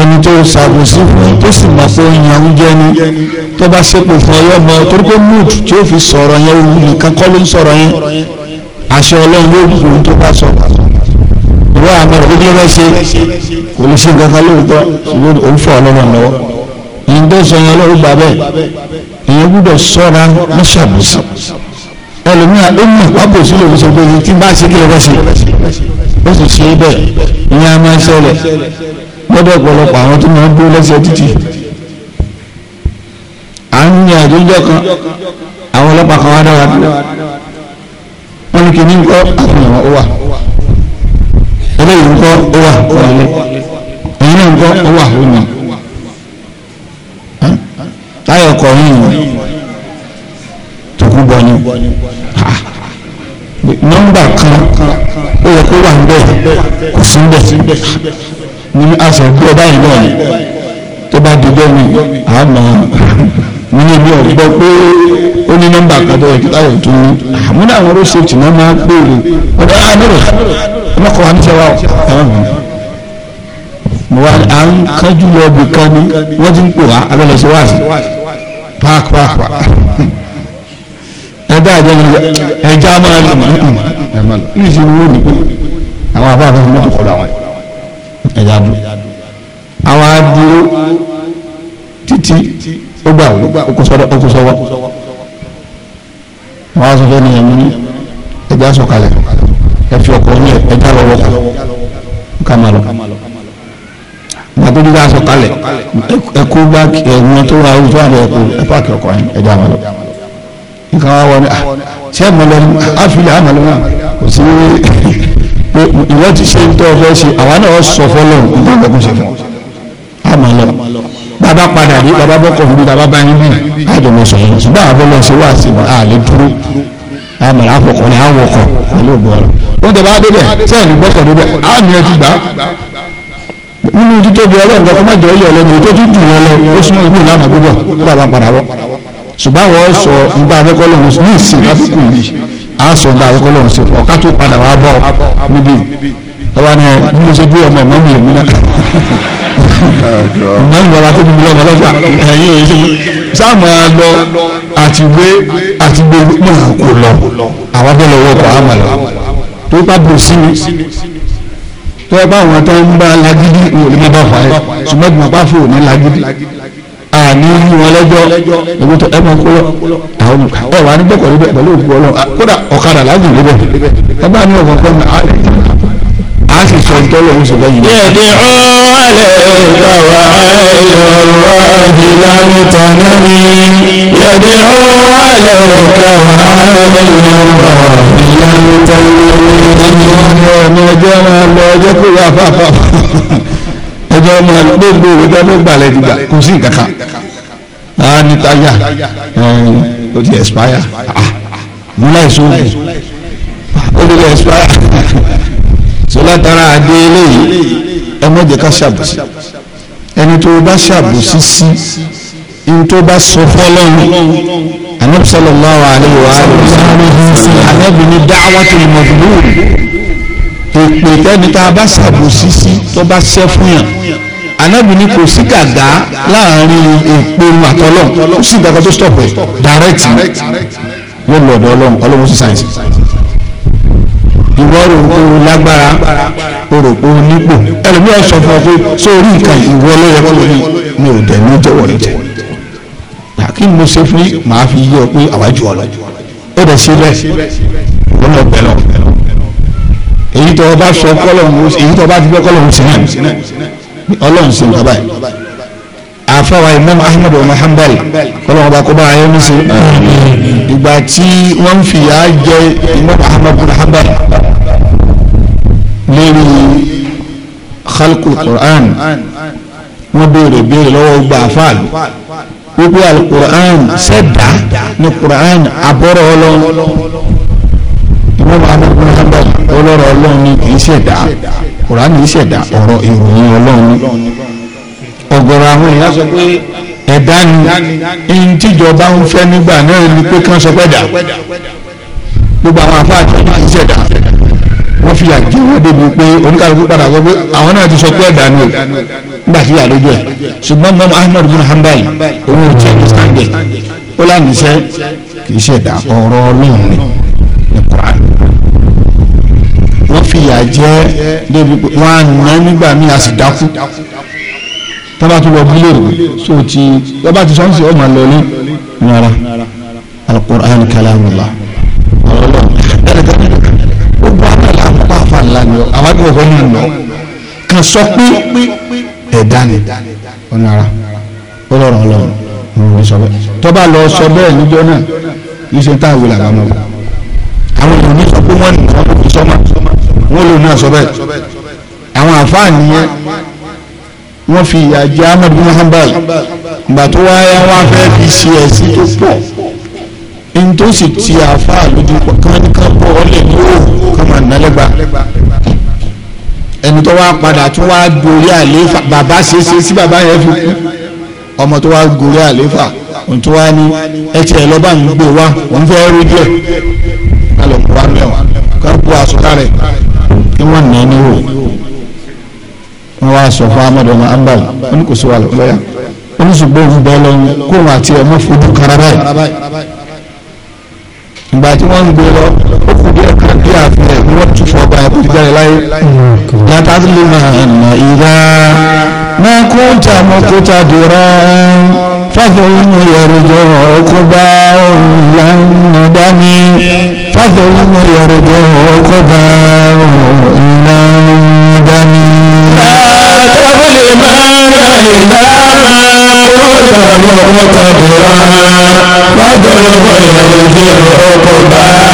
ẹni tó ṣàbòsí fún tó sì mọ̀ pé èèyàn ń jẹni tó bá ṣépò fún ọlọ́mọ torí pé mood tí ó fi sọ̀rọ̀ yẹn òun nìkan kọ́ ló ń sọ̀rọ̀ yẹn àṣẹ ọlọ́run yóò fi òun tó bá sọ̀rọ̀ ìwé àmọ́ ìdílé rẹ̀ ṣe kò lè ṣe nǹkan kan lóòótọ́ òun fọ̀ ọlọ́run lọ́wọ́ ń sọ yẹn lọ́wọ́ gbà bẹ́ẹ̀ èèyàn gbúdọ̀ sọ́ra mọ́ṣàbùsì ẹlòmíà ó mọ̀ pápò sílẹ̀ òun sọ pé tí bá ṣe kí lè rẹ́sì ó sì ṣe bẹ́ẹ̀ ìyẹn a máa ń ṣẹlẹ̀ gbọ́dọ̀ ọ̀pọ̀lọpọ̀ àwọn tó máa ń dúró lẹ́sẹ̀ títì à ń ní àjọjọ́ kan àwọn ọlọ́pàá kan wá dára dúró wọ́n ní kí ní kọ́ àfihàn ó wà eléyìí ń kọ́ ó wà ó wà lé náà ń kọ́ ó wà ó yàn táyọ̀ kọ yìí tókù bọ̀ ni nọ́mbà kan ó yẹ kó wà ń bẹ̀ kò sí ń bẹ̀ ní aṣọ ìgbọ́ báyìí náà ni tó bá dojọ́ mi àmọ́ mi ní ibi ọ̀gbọ́ pé ó ní nọ́mbà kan tó yẹ kí táyọ̀ tó ní àmúdà àwọn road safety náà máa ń pèrè ọ̀dọ́ àmì rẹ̀ ọmọkùnrin àti ìṣẹ́wà ọ̀hún wà á ń kájú lọ bì kan ní wọ́n ti ń pò wá abẹ́lẹ̀ ṣe wá sí pàápàá ẹgbẹ́ àjọ ẹja máa ń lọ ní ìṣòro wò ní pé àwọn àbáfà fún mọ́tò kọ́dà wọn ẹja dùn àwọn adúró títí ó gbà wọ́n ó kó sọ́wọ́ wọ́n á sọ fẹ́ ní ẹ̀mí ní ẹja sọ̀kalẹ̀ ẹ fi ọkọ̀ ní ẹja lọ́wọ́ kan ká máa lọ àtọ́jú bá sọ kalẹ̀ ẹkú bá ẹ̀wọ̀n tó wà ojú àdé ẹkú ẹkú àkẹ́ ọkọ̀ yẹn ẹ̀dá àmàlọ́ nǹkan wá wọlé ah, ṣé ẹ̀mọ̀lẹ́ àfilẹ̀ àmàlọ́ náà kò sí pé ìwọ ti ṣe ń tọ́ ọ fẹ́ ṣe àwa náà sọ fọlọ́ nígbà tó kún ṣe fún àmàlọ́ bàbá padà rí bàbá bọ́kọ̀ fún mi bàbá bá yín bí àjọmọ̀ sọ̀rọ̀ ṣùgbọ́n àwọn fọlọ́ ṣe wà sí àlè dúró àmàlà àfọkọ̀ ni àwọn ọkọ̀ pẹ̀lú ògbọ́n rẹ̀ ó ń tẹ̀ bá débẹ̀ sẹ́yìn gbọ́kọ̀ débẹ̀ àmì ẹ̀ ti gbà nínú títóbi ọlọ́run kan kó má jọ ilé ọlọ́run tó tún jù wọn lọ ó súnmọ́ ìgbóhùn lánàá gbogbo bàbá padà bọ̀ ṣùgbọ́n àwọn sọ nígbà akẹ́kọ̀ọ́ lọ́run ní ìsìn lásìkò yìí á sọ nígbà akẹ́kọ̀ọ́ lọ́run sí ọ̀ká tó padà wá bọ̀ níbí ọba ni bí mo ṣe gbé ọmọ ìmọ̀ mi èmi náà [LAUGHS] ìmọ̀ ìmọ̀ ọba tó bí ọmọ ọlọ́jà ẹ̀yìn èyí sáà máa lọ àtiwé àtigbé mọ̀ kò lọ àwọn abẹ́lẹ̀ owó ọkọ̀ àmàlà tó bá bò sí mi tó ẹ bá àwọn tó ń bá lagidi òní má bá fà ẹ ṣùgbọ́n ìgbìmọ̀ bá fò ní lagidi àní yí wọn lẹ́jọ́ ewu tó ẹ máa àwọn nǹkan ẹ wà ní gbẹ̀kọ̀ níbẹ̀ pẹ̀lú òkú ọlọ́run kódà ọ̀kadà lágùn níbẹ̀ ẹ bá ní ọ̀kọ̀ọ̀kan a sì sọ ìtọ́lọ̀ ń sọ̀rọ̀ yìí. yẹ̀dẹ̀ ọ̀ọ́lẹ̀ ìgbàwá ìrọ̀rọ̀ ìlànìtọ̀ náà ni yẹ̀dẹ̀ ọ̀ọ́lẹ̀ ìgbàwá ìrọ̀rọ̀ ìlànìtọ̀ náà ni. ọjọ́ máa lọ ọjọ́ kó wà fáfá ọjọ́ máa gbogbo òwe tó ló gbalẹ̀ dìgbà kò sí nǹkan kan náà ní táyà ó ti expire mú ah, láìsó ah, ó ti lè expire tó látara àdé eléyìí ẹ má jẹ́ ká ṣàbùsí ẹni tó bá ṣàbùsí sí ẹni tó bá sọ fọ́lọ́run anabi sallallahu alayhi wa sallam anabi ni da'watu al-mazlum èpè tẹ́ni tá a bá ṣàbùsí sí tó bá ṣẹ́ fún yàn anabi ni kò sí gàgá láàrin èpè àtọ́lọ́ kò sí gàgá tó stop ẹ̀ direct wọ́n lọ́dọ̀ ọlọ́run ọlọ́run sí sáyẹ́nsì ìwọ rò pé o lágbára o rò pé o nípò ẹlòmíràn sọ fún ọ pé sórí nǹkan ìwọ ló yẹ kó ní mi ò dẹ̀ ní jẹ́wọ́ ní jẹ́ kí ni mo ṣe fún màá fi yí ọ pé àwájú ọ lọ ó dẹ̀ ṣe bẹ́ẹ̀ wọ́n lọ bẹ̀ lọ èyí tó o bá sọ kọ́lọ̀hún èyí tó o bá fi gbọ́ kọ́lọ̀hún sí náà ọlọ́run sí nǹkan báyìí àfọwà imam ahmed ọmọ hanbal kọ́lọ́hún ọba kó bá ayé mi sí ìgbà tí wọ́n fi yà á jẹ imam ahmed ọmọ hanbal lérí khalqul Qur'an wọ́n béèrè béèrè lọ́wọ́ gba àfáàlù wípé alukur'an sẹ́dá ní kur'an abọ́rọ̀ ọlọ́run ìmọ̀mọ̀ anábọ̀ hanbal ọlọ́rọ̀ ọlọ́run ni kì í sẹ̀dá kur'an yìí sẹ̀dá ọ̀rọ̀ ìròyìn ọlọ́run ọ̀gọ̀rọ̀ àwọn èèyàn sọ pé ẹ̀dá ni ẹni tíjọba ń fẹ́ nígbà náà ni pé kí wọ́n sọ pé dà gbogbo àwọn afáàtì yìí sẹ̀dá fìyà jẹ wọn débi pé oníkàlùkù padà sọ pé àwọn náà ti sọ pé ẹ̀dá ni o nígbà tí ìyàlójú ẹ̀ ṣùgbọ́n mọ́mọ́ Ahmad bin Hanbal òun ò tiẹ̀ ní sàǹdẹ̀ ó láǹdí iṣẹ́ kì í ṣe ẹ̀dá ọ̀rọ̀ ọlọ́run ni ní Quran wọ́n fìyà jẹ débi pé wọ́n á nà nígbà míì a sì dákú tọ́ba tó lọ bílẹ̀ rẹ̀ so ti tọ́ba ti sọ́nsì ọmọ lọ ní nara Al-Qur'an kalamullah ọ̀rọ̀ lọ àwọn àgbẹ̀ òkò náà lọ kan sọ pé ẹ̀dá ni ọ̀nàrà ó lọ́rọ̀ ọlọ́run ọ̀rọ̀ sọ bẹ́ẹ̀ tọ́ba lọ sọ bẹ́ẹ̀ níjọ́ náà yìí ṣe ń táwọn ìwòlà àbámọ́ àwọn èèyàn ní sọ pé wọ́n ní wọ́n kò sọ́mà wọ́n lòun náà sọ bẹ́ẹ̀ àwọn àfáàní yẹn wọ́n fi ìyà jẹ Ahmad bin ìgbà tó wáyé wọn fẹ́ fi ṣe ẹ̀sìn tó pọ̀ n ti àfáà lójú kan ní ká bọ́ lè ní òòrùn kan máa ẹni tó wá padà tún wá gorí àlééfà bàbá ṣeéṣe sí bàbá yẹn fi kú ọmọ tó wá gorí àlééfà òun tó wá ní ẹtì ẹ lọ́ba ń gbé wá òun fẹ́ rí díẹ̀ ká ló ń wá mẹ́wàá ká kú àsọ̀tà rẹ̀ kí wọ́n nà ẹ́ níwò wọ́n wá sọ fún amadu ọmọ ambal wọn kò sí wà lọ́yà wọn sì gbóhùn lọ́yìn kóhùn àti ọmọ fojú karabáyì ìgbà tí wọ́n ń gbé lọ ó kù díẹ̀ kan bí àfihàn ni wọ́n tún fọ́ báyìí kò ti jáde láyé. yàtá sí lè máa nà ìlà máa kó jà mọ́ kó jà dìrọ́ fàfẹ́yìn yẹ̀rọ̀jọ́ ọkọ̀bá ìlànà dání fàfẹ́yìn yẹ̀rọ̀jọ́ ọkọ̀bá ìlànà. مقتدرا فاضرب الرجل عقباه إلى الندم فاضرب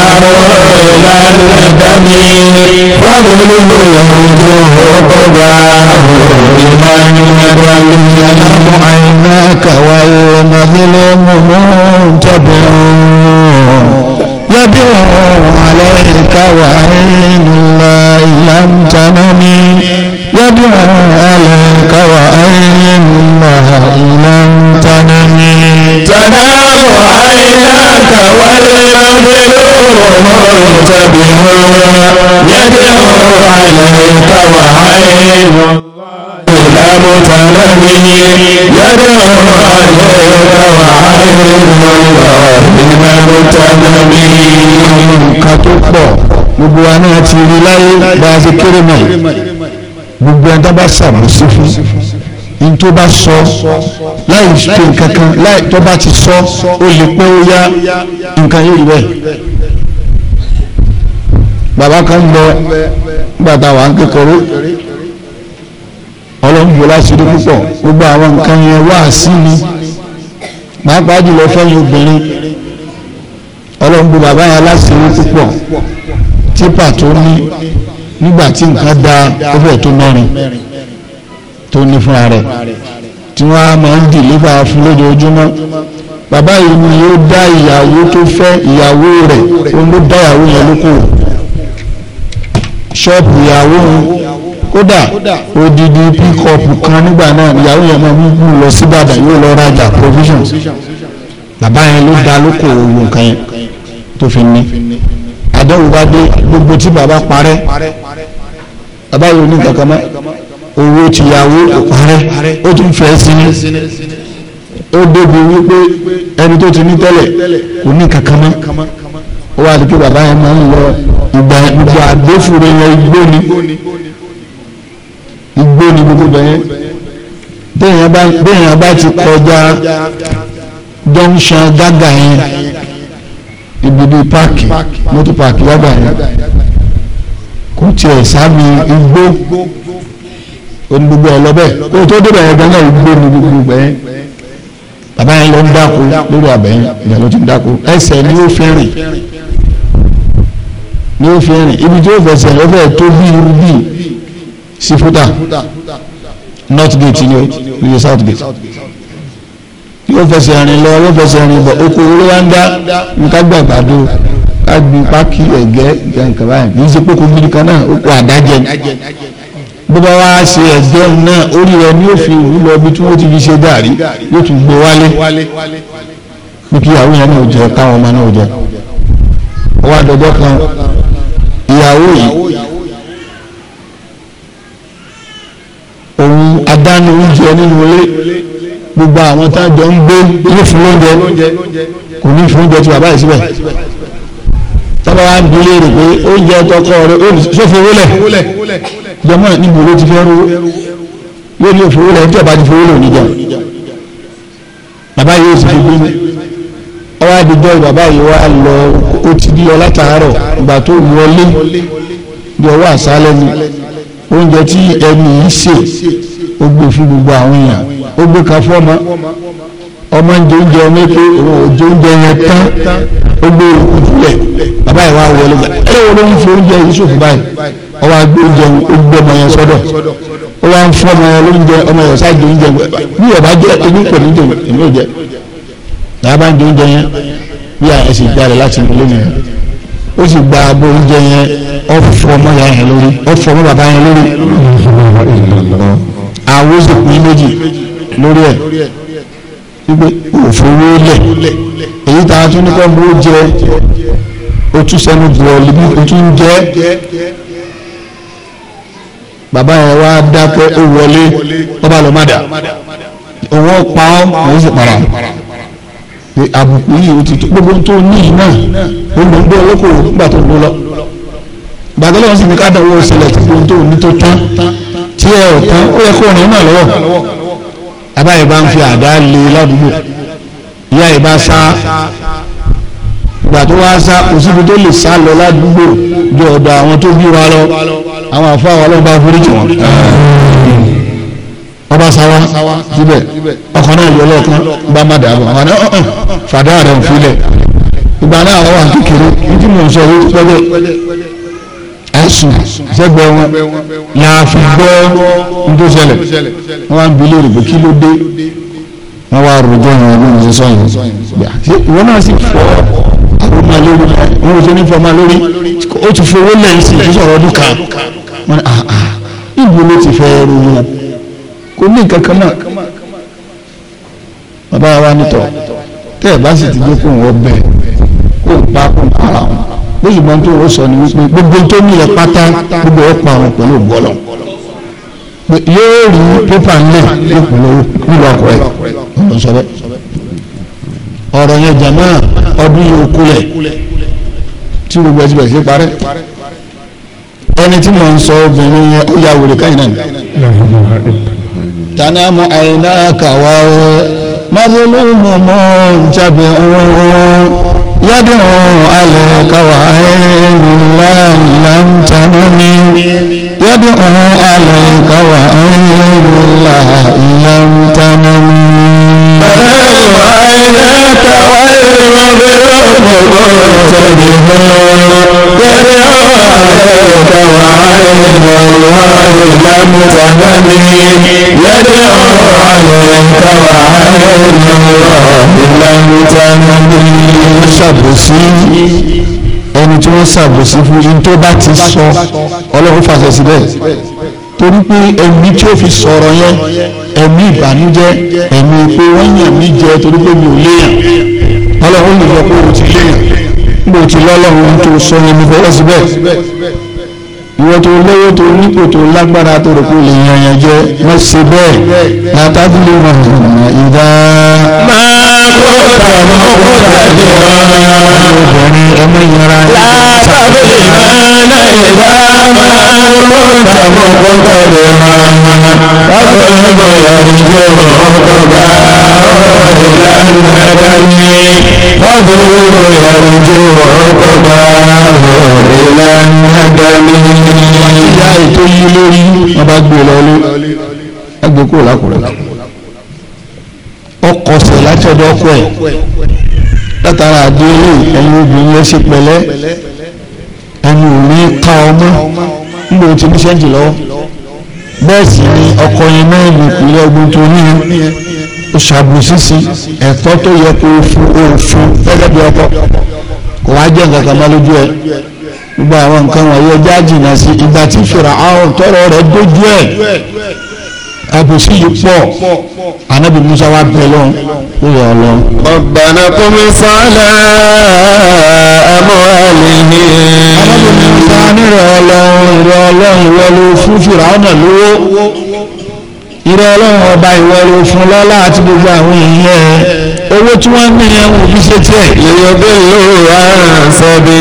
الرجل عقباه بمن يظلم عيناك والمظلوم منتبع يدعو عليك وعين الله لم تنم يدعو بما يدعو عليك وعين لا متنبي يدعو عليك وعين الله بما متنبي nǹkan tó pọ̀ gbogbo wa náà ti rí láyé bá a ṣe kéré mọ́ yìí gbogbo ẹ̀dá bá ṣàbùsí fún ní tó bá sọ láì ṣe nǹkan kan láì tó bá ti sọ ó lè pẹ́ ó yá nǹkan yóò rí bẹ́ẹ̀ bàbá kan bẹ gbàtà wà ń kékeré ọlọ́run bò láṣírí púpọ̀ gbogbo àwọn nǹkan yẹn wá sí mi pàápàá jùlọ fẹ́yìn obìnrin ọlọ́run bò bàbá yẹn láṣírí púpọ̀ típà tó ní nígbà tí nǹkan da ó fẹ́ tó mẹ́rin tó ní fúnra rẹ̀ tí wọ́n á máa ń dìlífà fún lójoojúmọ́ bàbá yìí ni ó dá ìyàwó tó fẹ́ ìyàwó rẹ̀ ó ló dá ìyàwó yẹn lókòwò ṣọ́ọ̀bù ìyàwó kódà odidi píkọ̀pù kan nígbà náà ìyàwó yẹn máa mú un lọ sí bàbá yóò lọ rajà provisions bàbá yẹn ló dá lóko òwò nǹkan yẹn tó fi ní àdéhùn bá dé gbogbo tí bàbá parẹ́ bàbá yóò ní kankan mọ́ owó tìyàwó parẹ́ ó tún fẹ́ sí ní ó débi wípé ẹni tó ti ní tẹ́lẹ̀ kò ní kankan mọ́ ó wà lójú bàbá yẹn máa ń lọ ìgbà gbogbo àgbófure yẹn igbó ni igbó ni gbogbo bẹ́ẹ̀ béèyàn bá ti kọjá junction gágà yẹn ibùdó páàkì mọ́tò páàkì gágà yẹn kò tiẹ̀ sábì igbó onígbogbo ọlọ́bẹ̀ kó tó débẹ̀ yẹn gan náà igbó ni gbogbo bẹ́ẹ̀ bàbá yẹn lọ ń dáko lórí abẹ́yẹn ìyá ló ti ń dáko ẹsẹ̀ ni ó fẹ́ràn ní ó fi rìn ibi tí ó fẹsẹ̀ ló fẹ́ tó bí irú sí fúta north gate ni ó ní south gate yóò fẹsẹ̀ rìn lọ yóò fẹsẹ̀ rìn bọ̀ oko olówáńdá nǹkan do ká gbin pákí ẹ̀gẹ́ nǹkan báyìí ní ṣe kókó gidi kan náà oko àdájẹ bó bá wá ṣe ẹ̀gbẹ́ náà orí rẹ̀ ni ó fi òru lọ bí tí wọ́n ti fi ṣe gàrí yóò tún gbé wálé kí àwọn yẹn náà jẹ káwọn ọmọ náà jẹ ọwọ́ àdọ́jọ́ kan ìyàwó yìí òun adáni oúnjẹ nínú ilé gbogbo àwọn tá a jọ ń gbé ilé fún oúnjẹ kò ní fún oúnjẹ tí bàbá yìí síbẹ̀ tábà wá ń bilé rè pé oúnjẹ tọkọ rẹ sófin wúlẹ̀ jọmọ níbo ló ti fẹ́ rú yóò ní òfin wúlẹ̀ tí ọba ti fi wúlẹ̀ òní jẹun bàbá yìí ó sì fi bínú bọ́ọ̀lù bàbá yìí wá lọ ó ti bí ọ látàárọ̀ ìgbà tó wọlé bí ọwọ́ àṣálẹ́ ni oúnjẹ tí ẹni yìí ṣe ó gbé fún gbogbo àwọn èèyàn ó gbé ka fọ́mọ ọmọ ń jẹ oúnjẹ ọmọ èké òjò oúnjẹ yẹn tán ó gbé ìpìlẹ̀ bàbá yìí wá wọlé gbà ẹ wọlé ń fi oúnjẹ yìí ṣòfò báyìí ọwọ́ àgbé oúnjẹ ó gbé ọmọ yẹn sọ́dọ̀ ó wá ń fún ọmọ yẹn lóúnjẹ ọmọ yẹn ṣáà jẹ oúnjẹ bí ọba jẹ ẹni pẹ̀lú jẹ èmi ò jẹ ń jẹ oúnjẹ yẹn bí àwọn sì gbá rẹ̀ láti lórí nìyẹn ó sì gba abọ́ oúnjẹ yẹn ó fọ́ ọmọ ìyá yẹn lórí ó fọ́ ọmọ bàbá yẹn lórí àwọn oṣù pín méjì lórí ẹ̀ wípé òfowó lẹ̀ èyí tá a tún ní kọ́ mú jẹ o tún sẹ́nu bọ̀ lóbi o tún jẹ bàbá yẹn wá dákẹ́ ó wọlé ọba lọ́mọdà òun ó pa ọ́ òun sì para àbùkù yìí ti tó gbogbo tó ní iná olùgbé olókòwò nígbà tó gbó lọ bàtà lọ́wọ́ sì ní ká dánwó ìṣẹ̀lẹ̀ tí gbogbo tó ní tó tán tí ẹ ò tán ó yẹ kó ràn náà lọ́wọ́ abáyé bá ń fi àdá lé e ládùúgbò ìyá ìbá sá ìgbà tó wá sá òsibí tó lè sá lọ ládùúgbò jọ ọ̀dọ̀ àwọn tó bí wa lọ àwọn àfọ ọlọ́ba foríjì wọn ọba sáwá síbẹ̀ ọkọ̀ náà yọ lọ́ọ̀kan bá má dàbọ̀ àwọn náà ọ̀hún fàdá rẹ̀ ń filẹ̀ ìgbà náà wọ́n wà kékeré títí mò ń sọ wí pẹ́lẹ́ ẹ̀sùn sẹ́gbẹ̀ wọn là á fi gbọ́ ntòsẹ̀lẹ̀ wọ́n wá ń bilé rẹ̀ pé kí ló dé wọ́n wá rògbò yẹn ló ń ṣe sọ́yìn ìwọ náà sì fọ́ àwọn ọmọ lórí wọn ò ṣe ní fọmọ lórí ó ti fowó lẹ́yìn sí ìfúsọ̀rọ̀ ọdún kan wọn ni ah, ah, ìbò ló ti fẹ́ ronú kò ní nǹkan kan náà bàbá wa nítọ̀ tẹ́ ẹ̀ bá sì ti dúkùn ọbẹ̀ kó pa kó para wọn bó sì gbọ́n tó o sọ ni wípé gbogbo tó ní ẹ pátá gbogbo ẹ pa wọn pẹ̀lú bọ́lọ̀ yóò rí pépà náà nípìnlẹ̀ nílùú ọkọ̀ ẹ̀ ọ̀rọ̀ sọ bẹ́ẹ̀ ọ̀rọ̀ yẹn jàmá ọdún yìí ó kulẹ̀ tí gbogbo ẹ ti bẹ̀rẹ̀ sí parẹ́ ẹni tí mo ń sọ obìnrin yẹn ó yà wòlé káyìn náà. تنام عيناك وهو مظلوم منتبع يدعو عليك وعين الله لم تنم يدعو عليك وعين الله لم تنم ẹni tí wọ́n ṣàbòsí fún yín tó bá ti sọ ọlọ́run fàṣẹ síbẹ̀ torí pé ẹni tí ó fi sọ̀rọ̀ yẹn ẹ̀mí ìbànújẹ́ ẹ̀mí pé wọ́n yàn mí jẹ torí pé mi ò léèyàn ọlọ́run ò lè pé o ti léèyàn níbo ti lọ́lọ́run tó sọ ẹni bọ́wọ́ síbẹ̀ ìwọ tó lówó tó nípò tó lágbára tó rò pé lè yan yan jẹ wọn ṣe bẹ́ẹ̀ látàbílẹ wọn ìdá. máa kó ọ̀tà ọ̀tà ìdá. obìnrin ọmọ ìyára ẹ̀. látàbí ìmọ̀nà ìgbà máa ń lò tàbí ọkọ̀ rẹ̀ máa lọ́sọ̀ nígbà ìyàwó ọkọ̀ bá ìlànà dání. lọ́sọ̀ nígbà ìyàwó ọkọ̀ bá ìlànà dání. ìyá ètò yìí lórí wọn bá gbé lọlé ẹgbẹ́ kúrò lákùrẹ́ ọkọ̀ ṣẹ̀ látọ̀dọ̀ ọkọ̀ ẹ̀ látara àdéhùn ẹni obìnrin ẹ ṣe pẹ̀lẹ́ ẹni ò ní ká ọmọ nígbà tí mo ṣe ń jì lọ́wọ́ bẹ́ẹ̀ sì ni ọkọ yẹn náà lè pèlè ọgbọ́n tó ní yẹn ó ṣàbùsí sí ẹ̀tọ́ tó yẹ kó o fún o fún gẹ́gẹ́ bí ọkọ kò wá jẹ́ nǹkan kan bá lójú ẹ gbogbo àwọn nǹkan wọ̀nyí ọjà jìnnà sí ìgbà tí fìrà àwọn tọrọ rẹ̀ dójú ẹ̀ àbòsí yìí pọ̀ anabi musa wa bẹ lọ ó yà lọ. ọ̀gbàna kò mi sọ́lá amúhalìhì. anabi musa nírọ̀ ọlọ́run ìrọ̀ ọlọ́run ìwọ ló fún fìràwọ̀nà lówó ìrọ̀ ọlọ́run ọba ìwọ ló fún lọ́lá àti gbogbo àwọn èèyàn ẹ̀ owó tí wọ́n ní ẹ̀ wò fi ṣe tiẹ̀. lèyọ bí ló wà sọ bí.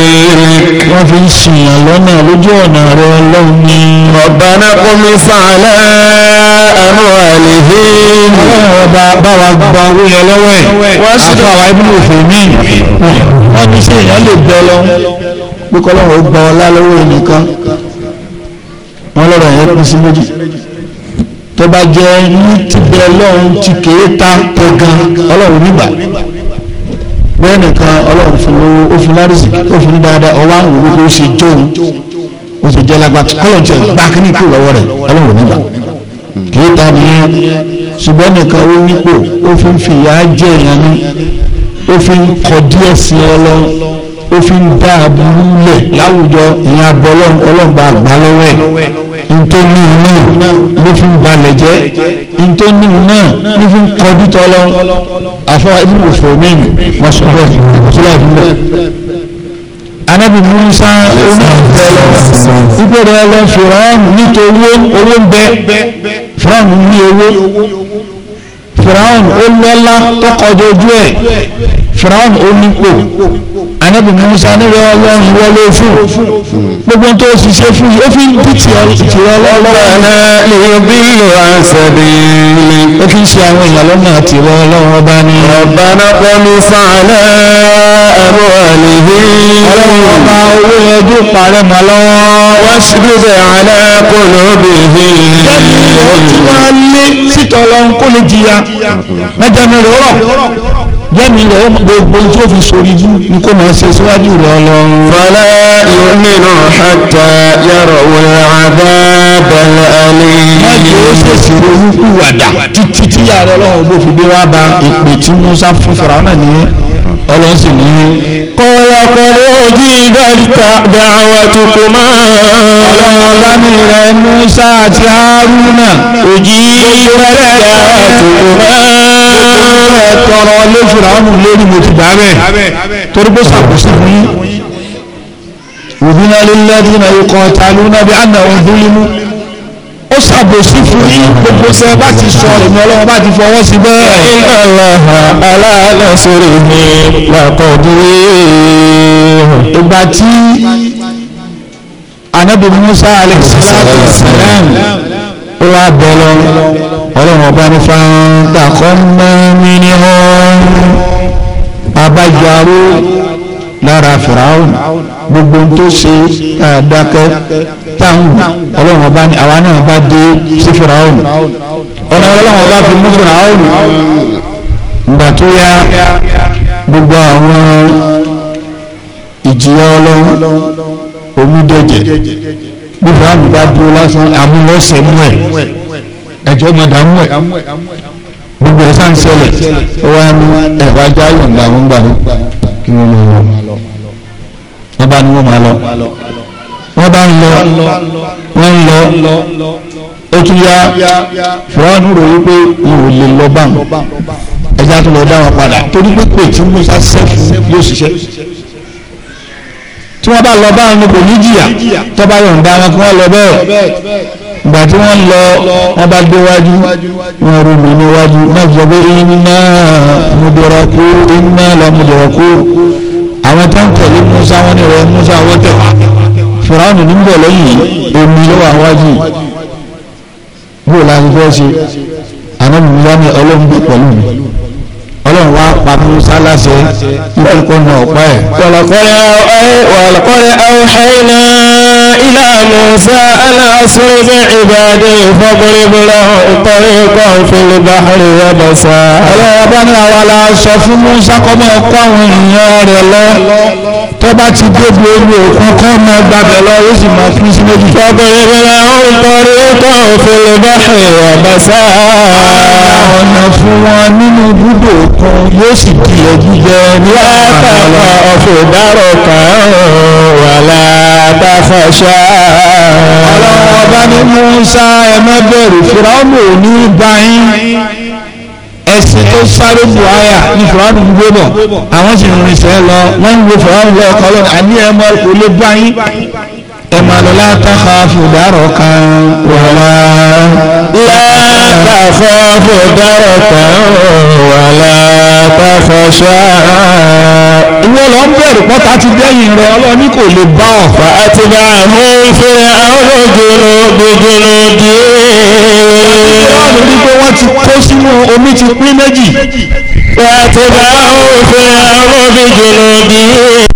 fi ń ṣìyàn lọ́nà lójú ọ̀nà rẹ̀ ọlọ́run ni. ọ̀gbàna kò sọ́lá amwalihim ọba báwa gba owó yẹn lọ́wọ́ ẹ̀ àfàwà ibùdó òfèmí wọ́n ní ṣe èèyàn lè bẹ́ lọ pé kọ́lọ́wọ́ gba ọlá lọ́wọ́ ẹnìkan wọ́n lọ́rọ̀ yẹn kún sí méjì tó bá jẹ́ ní tìbẹ̀ lọ́hún ti kéétà tó gan ọlọ́run nígbà bẹ́ẹ̀ nìkan ọlọ́run fún owó ó fún lárìsì ó fún dáadáa ọwọ́ àwọn olùkọ́ ó ṣe jóun ó ṣe jẹ́ lágbàtà kọ́lọ̀ jẹ́ gbákínì kú lọ́wọ́ rẹ̀ ọlọ́run nígbà kìí ta nìyẹn ṣùgbọ́n nìkan ó nípò ó fi ń fìyà jẹ èèyàn ní ó fi ń kọ díẹ̀ sí ọ lọ ó fi ń dá aburú lẹ̀ láwùjọ ìyẹn abọ́ ọlọ́gbà àgbà lọ́wọ́ ẹ̀ ntoni náà ló fi ń balẹ̀ jẹ́ ntoni náà ló fi ń kọjú tọ́lọ́ afọ ibùdó fòmìn wọn sọ bẹ́ẹ̀ ìtura ìbílẹ̀. anabi musa onígbẹ̀lẹ̀ ìgbẹ̀rẹ̀ lọ fìràn nítorí owó ń bẹ firaun ní owó firaun ó lọ́lá tó kọjọ ojú ẹ̀ firaun ó nípò anabi musa nílẹ̀ ọlọ́run wọlé fún gbogbo tó ṣiṣẹ́ fún yìí ó fi ń bí ti ọlọ́run lè bí lò àṣẹbí ó fi ń ṣe àwọn èèyàn àti ìwọ ọlọ́run ọba ní. ọ̀bánà pẹ̀lú sàlẹ̀. أموالهم واشدد على قلوبهم jẹ́mi rẹ̀ gbogbo tí ó fi sórí jù ní kó máa ṣe síwájú rẹ̀ ọlọ́run. fala yu'minu hatta yarawul adhabal alim. wọ́n yóò ṣèṣì ronú kúwàdà títí tí yàrá ọlọ́run bó fi wá ba ìpè tí musa fún fara náà nìyẹn ọlọ́run sì ní. kọ́lá kọ́lá ojú ìdáríkà dáhàwá tó kò máa. ọlọ́run ọba mi rẹ̀ Musa àti Haruna. ojú ìdáríkà tó kò máa. tọrọ lé fìràmù lórí mo ti gbà bẹ́ẹ̀ torí bó ṣàkóso fún yín. òbí náà lé lẹ́dínà ikọ̀ tàlú náà bí àná òun dúlímù ó ṣàbòsí fún yín gbogbo ṣe bá ti sọ èmi ọlọ́run bá ti fọwọ́ sí bẹ́ẹ̀. ìlànà aláàlẹ́ sórí mi làkọ̀dúrí. ìgbà tí anabi musa alayhi salam ó wá bẹ̀ lọ ọlọ́run ọba ní fáńtà kọ́ mẹ́rin ní ọ́n abájáró lára fìràwọ̀n gbogbo tó ṣe dáadáa kẹ́ tá ń wù ọlọ́run ọba ní àwa náà bá dé sí fìràwọ̀nù ọ̀nà ọlọ́run ọba fi mú fìràwọ̀nù ìgbà tó yá gbogbo àwọn ìjìyà ọlọ́run omídẹ̀jẹ̀ gbogbo àmì bá dúró lásán àmúlọ́sẹ̀ mú ẹ̀ ẹ̀jọ́ mọ̀dá mú ẹ̀ gbogbo ẹ̀ sáà ń ṣẹlẹ̀ ó wá ní ẹ̀fọ́ ajá yọ̀ǹda àwọn gbà kí wọ́n lọ wọ́n bá ní wọ́n máa lọ wọ́n bá ń lọ wọ́n ń lọ ó tún yá fúráànù rò wípé wọn ò lè lọ báwọn ẹja tó lọ dá wọn padà torí pé pé tí musa sẹ́fù yóò ṣiṣẹ́ tí wọ́n bá lọ báwọn ni kò ní jìyà tó bá yọ̀ǹda wọn kí wọ́n lọ bẹ́ẹ̀ ìgbà tí wọ́n lọ wọ́n bá déwájú wọ́n rú mi níwájú náà sọ pé iná mudrakun iná la mudrakun àwọn tó ń tẹ̀lé musa wọn ni rẹ musa wọ́n tẹ̀ fìràánù ní bọ̀ lẹ́yìn omi lọ́wọ́ àwájú bó láti fẹ́ ṣe anábìyá ni ọlọ́run gbé pẹ̀lú mi ọlọ́run wá pa musa láṣẹ ìfẹ́kọ̀ọ́ náà ọ̀pá ẹ̀. wàlàkọ́rẹ́ àwòhẹ́ náà. إلى موسى أن أصل بعبادي فاضرب لهم طريقا في البحر يبسا ọlọ́ọ̀bọ́n بنا ولا aláṣọ موسى Musa kọ́ mọ́ ọkọ àwọn ènìyàn rẹ̀ lọ tó bá ti débi omi òkun kọ́ ọmọ gbàgbẹ́ lọ ó sì máa fún sí méjì. fọ́bìnrin bí wọ́n ń tọrí kan òfin báyìí ọ̀bẹ̀sẹ̀. ọ̀nà fún wọn nínú ibùdó òkun yóò sì di ẹ̀jíjẹ ní ọ̀fìn dárò kan wà látàfàṣà ọlọ́run ọba ní Musa ẹ má bẹ̀rù fìràwọ̀ ní báyìí ẹsìn tó sáré buhaya ní fìràwọ̀ ń gbé bọ̀ àwọn sì ń rìnsẹ̀ lọ wọ́n ń wo fìràwọ̀ lọ́kọ́ lọ́nà àní ẹ̀ mọ́ báyìí ẹ̀mọ̀lù látàkọ́ fìdárò kan wàlá. látàkọ́ fìdárò kan wàlá tàkọ́ ṣá. ìwọ lọ ń bẹ̀rù pọ́tà ti dẹ́yìn rẹ ọlọ́ọ̀ni kò lè bá ọ. fàtìbà àwọn ìfẹ́ àwọn ògèrò gbogbo di. ọlọ́ọ̀ni rí pé wọ́n ti kó sínú omi ti pín méjì. fàtìbà àwọn ìfẹ́ àwọn ògèrò gbogbo di.